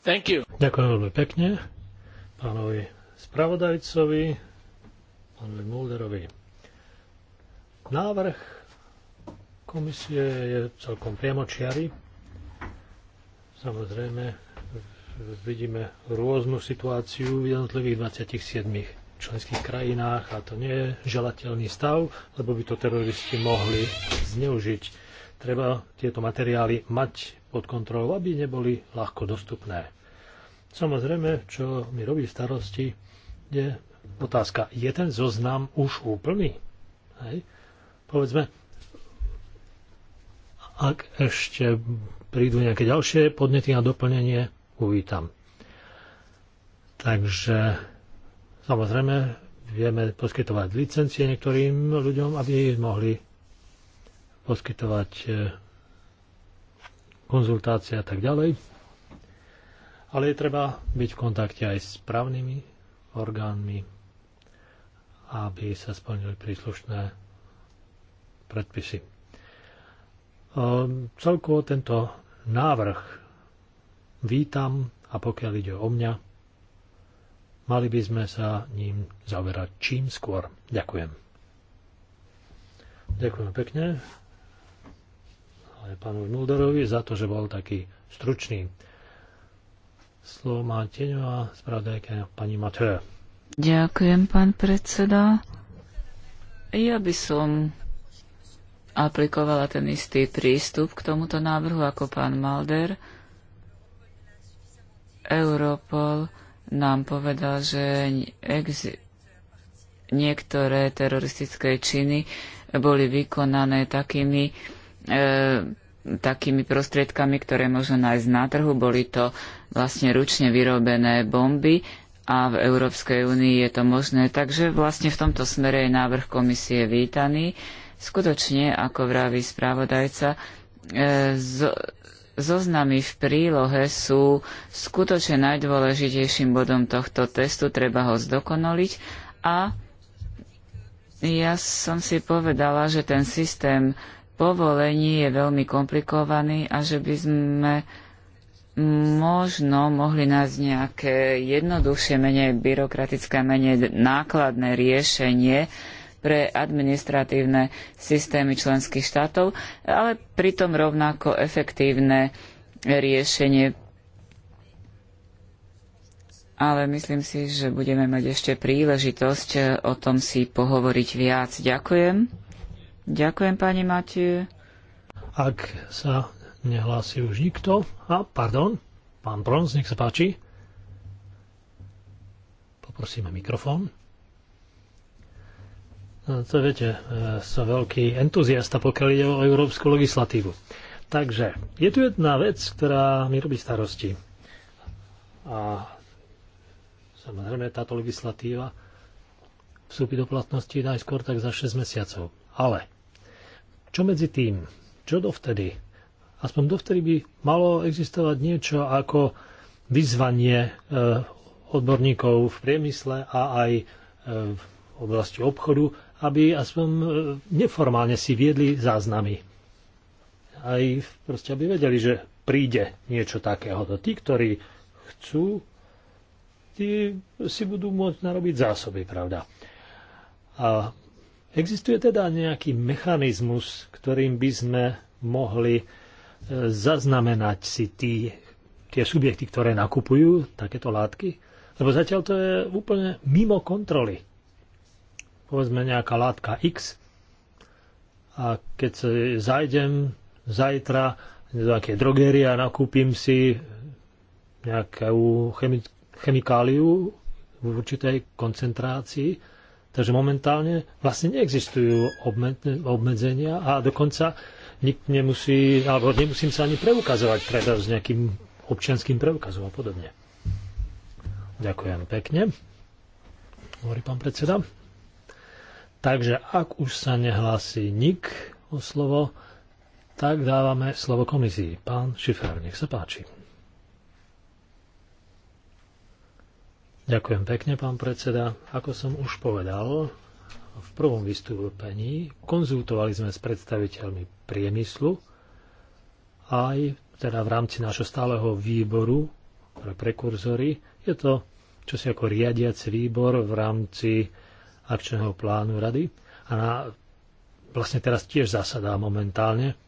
Speaker 3: Thank you. Ďakujem veľmi pekne pánovi spravodajcovi, pánovi Mulderovi. Návrh komisie je celkom priamočiary. Samozrejme, vidíme rôznu situáciu v jednotlivých 27 členských krajinách a to nie je želateľný stav, lebo by to teroristi mohli zneužiť. Treba tieto materiály mať pod kontrolou, aby neboli ľahko dostupné. Samozrejme, čo mi robí v starosti, je otázka, je ten zoznam už úplný? Hej. Povedzme, ak ešte prídu nejaké ďalšie podnety na doplnenie, uvítam. Takže Samozrejme, vieme poskytovať licencie niektorým ľuďom, aby ich mohli poskytovať e, konzultácie a tak ďalej. Ale je treba byť v kontakte aj s právnymi orgánmi, aby sa splnili príslušné predpisy. E, celkovo tento návrh vítam a pokiaľ ide o mňa, Mali by sme sa ním zaoberať čím skôr. Ďakujem. Ďakujem pekne aj pánu Mulderovi za to, že bol taký stručný. Slovo má tieňová spravodajka pani Mateo.
Speaker 2: Ďakujem, pán predseda. Ja by som aplikovala ten istý prístup k tomuto návrhu ako pán Malder. Europol nám povedal, že niektoré teroristické činy boli vykonané takými, e, takými prostriedkami, ktoré možno nájsť na trhu. Boli to vlastne ručne vyrobené bomby a v Európskej únii je to možné. Takže vlastne v tomto smere je návrh komisie vítaný. Skutočne, ako vraví správodajca, e, z, zoznamy v prílohe sú skutočne najdôležitejším bodom tohto testu, treba ho zdokonaliť a ja som si povedala, že ten systém povolení je veľmi komplikovaný a že by sme možno mohli nájsť nejaké jednoduchšie, menej byrokratické, menej nákladné riešenie, pre administratívne systémy členských štátov, ale pritom rovnako efektívne riešenie. Ale myslím si, že budeme mať ešte príležitosť eh, o tom si pohovoriť viac. Ďakujem. Ďakujem, pani Matiu.
Speaker 3: Ak sa nehlási už nikto... A, pardon, pán Brons, nech sa páči. Poprosíme mikrofón. No, to viete, e, som veľký entuziasta, pokiaľ ide o európsku legislatívu. Takže, je tu jedna vec, ktorá mi robí starosti. A samozrejme, táto legislatíva vstúpi do platnosti najskôr tak za 6 mesiacov. Ale, čo medzi tým? Čo dovtedy? Aspoň dovtedy by malo existovať niečo ako vyzvanie e, odborníkov v priemysle a aj e, v oblasti obchodu, aby aspoň e, neformálne si viedli záznamy. Aj proste, aby vedeli, že príde niečo takého. Tí, ktorí chcú, tí si budú môcť narobiť zásoby, pravda. A existuje teda nejaký mechanizmus, ktorým by sme mohli e, zaznamenať si tí, tie subjekty, ktoré nakupujú takéto látky? Lebo zatiaľ to je úplne mimo kontroly povedzme nejaká látka X a keď sa zajdem zajtra do nejakej drogerie a nakúpim si nejakú chemi- chemikáliu v určitej koncentrácii, takže momentálne vlastne neexistujú obmedzenia a dokonca nikto nemusí, alebo nemusím sa ani preukazovať teda s nejakým občianským preukazom a podobne. Ďakujem pekne, hovorí pán predseda. Takže ak už sa nehlási nik o slovo, tak dávame slovo komisii. Pán Šifer, nech sa páči. Ďakujem pekne, pán predseda. Ako som už povedal v prvom vystúpení, konzultovali sme s predstaviteľmi priemyslu aj teda v rámci nášho stáleho výboru pre prekurzory. Je to čosi ako riadiaci výbor v rámci akčného plánu rady a na, vlastne teraz tiež zasadá momentálne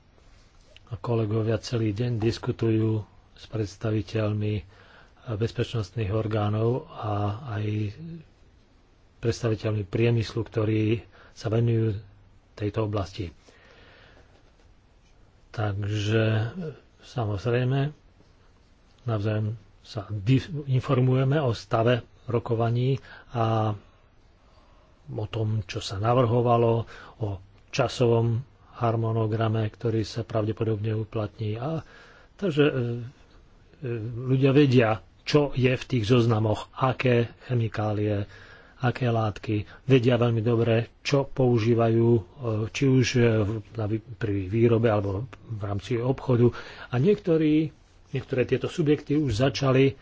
Speaker 3: a kolegovia celý deň diskutujú s predstaviteľmi bezpečnostných orgánov a aj predstaviteľmi priemyslu, ktorí sa venujú tejto oblasti. Takže samozrejme navzájom sa informujeme o stave rokovaní a o tom, čo sa navrhovalo, o časovom harmonograme, ktorý sa pravdepodobne uplatní. A, takže e, e, ľudia vedia, čo je v tých zoznamoch, aké chemikálie, aké látky. Vedia veľmi dobre, čo používajú, e, či už e, pri výrobe alebo v rámci obchodu. A niektorí, niektoré tieto subjekty už začali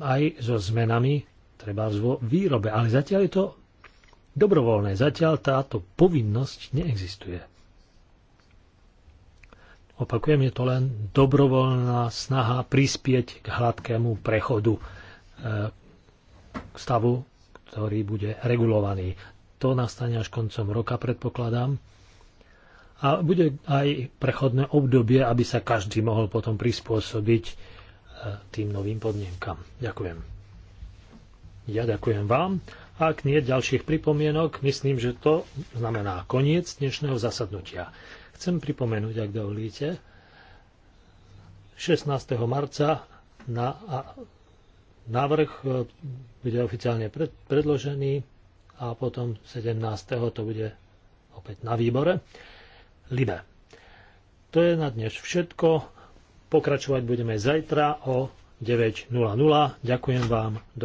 Speaker 3: aj so zmenami, treba vo výrobe. Ale zatiaľ je to dobrovoľné. Zatiaľ táto povinnosť neexistuje. Opakujem, je to len dobrovoľná snaha prispieť k hladkému prechodu k e, stavu, ktorý bude regulovaný. To nastane až koncom roka, predpokladám. A bude aj prechodné obdobie, aby sa každý mohol potom prispôsobiť e, tým novým podmienkam. Ďakujem. Ja ďakujem vám ak nie ďalších pripomienok, myslím, že to znamená koniec dnešného zasadnutia. Chcem pripomenúť, ak dovolíte, 16. marca na návrh e, bude oficiálne predložený a potom 17. to bude opäť na výbore. Libe. To je na dnes všetko. Pokračovať budeme zajtra o 9.00. Ďakujem vám.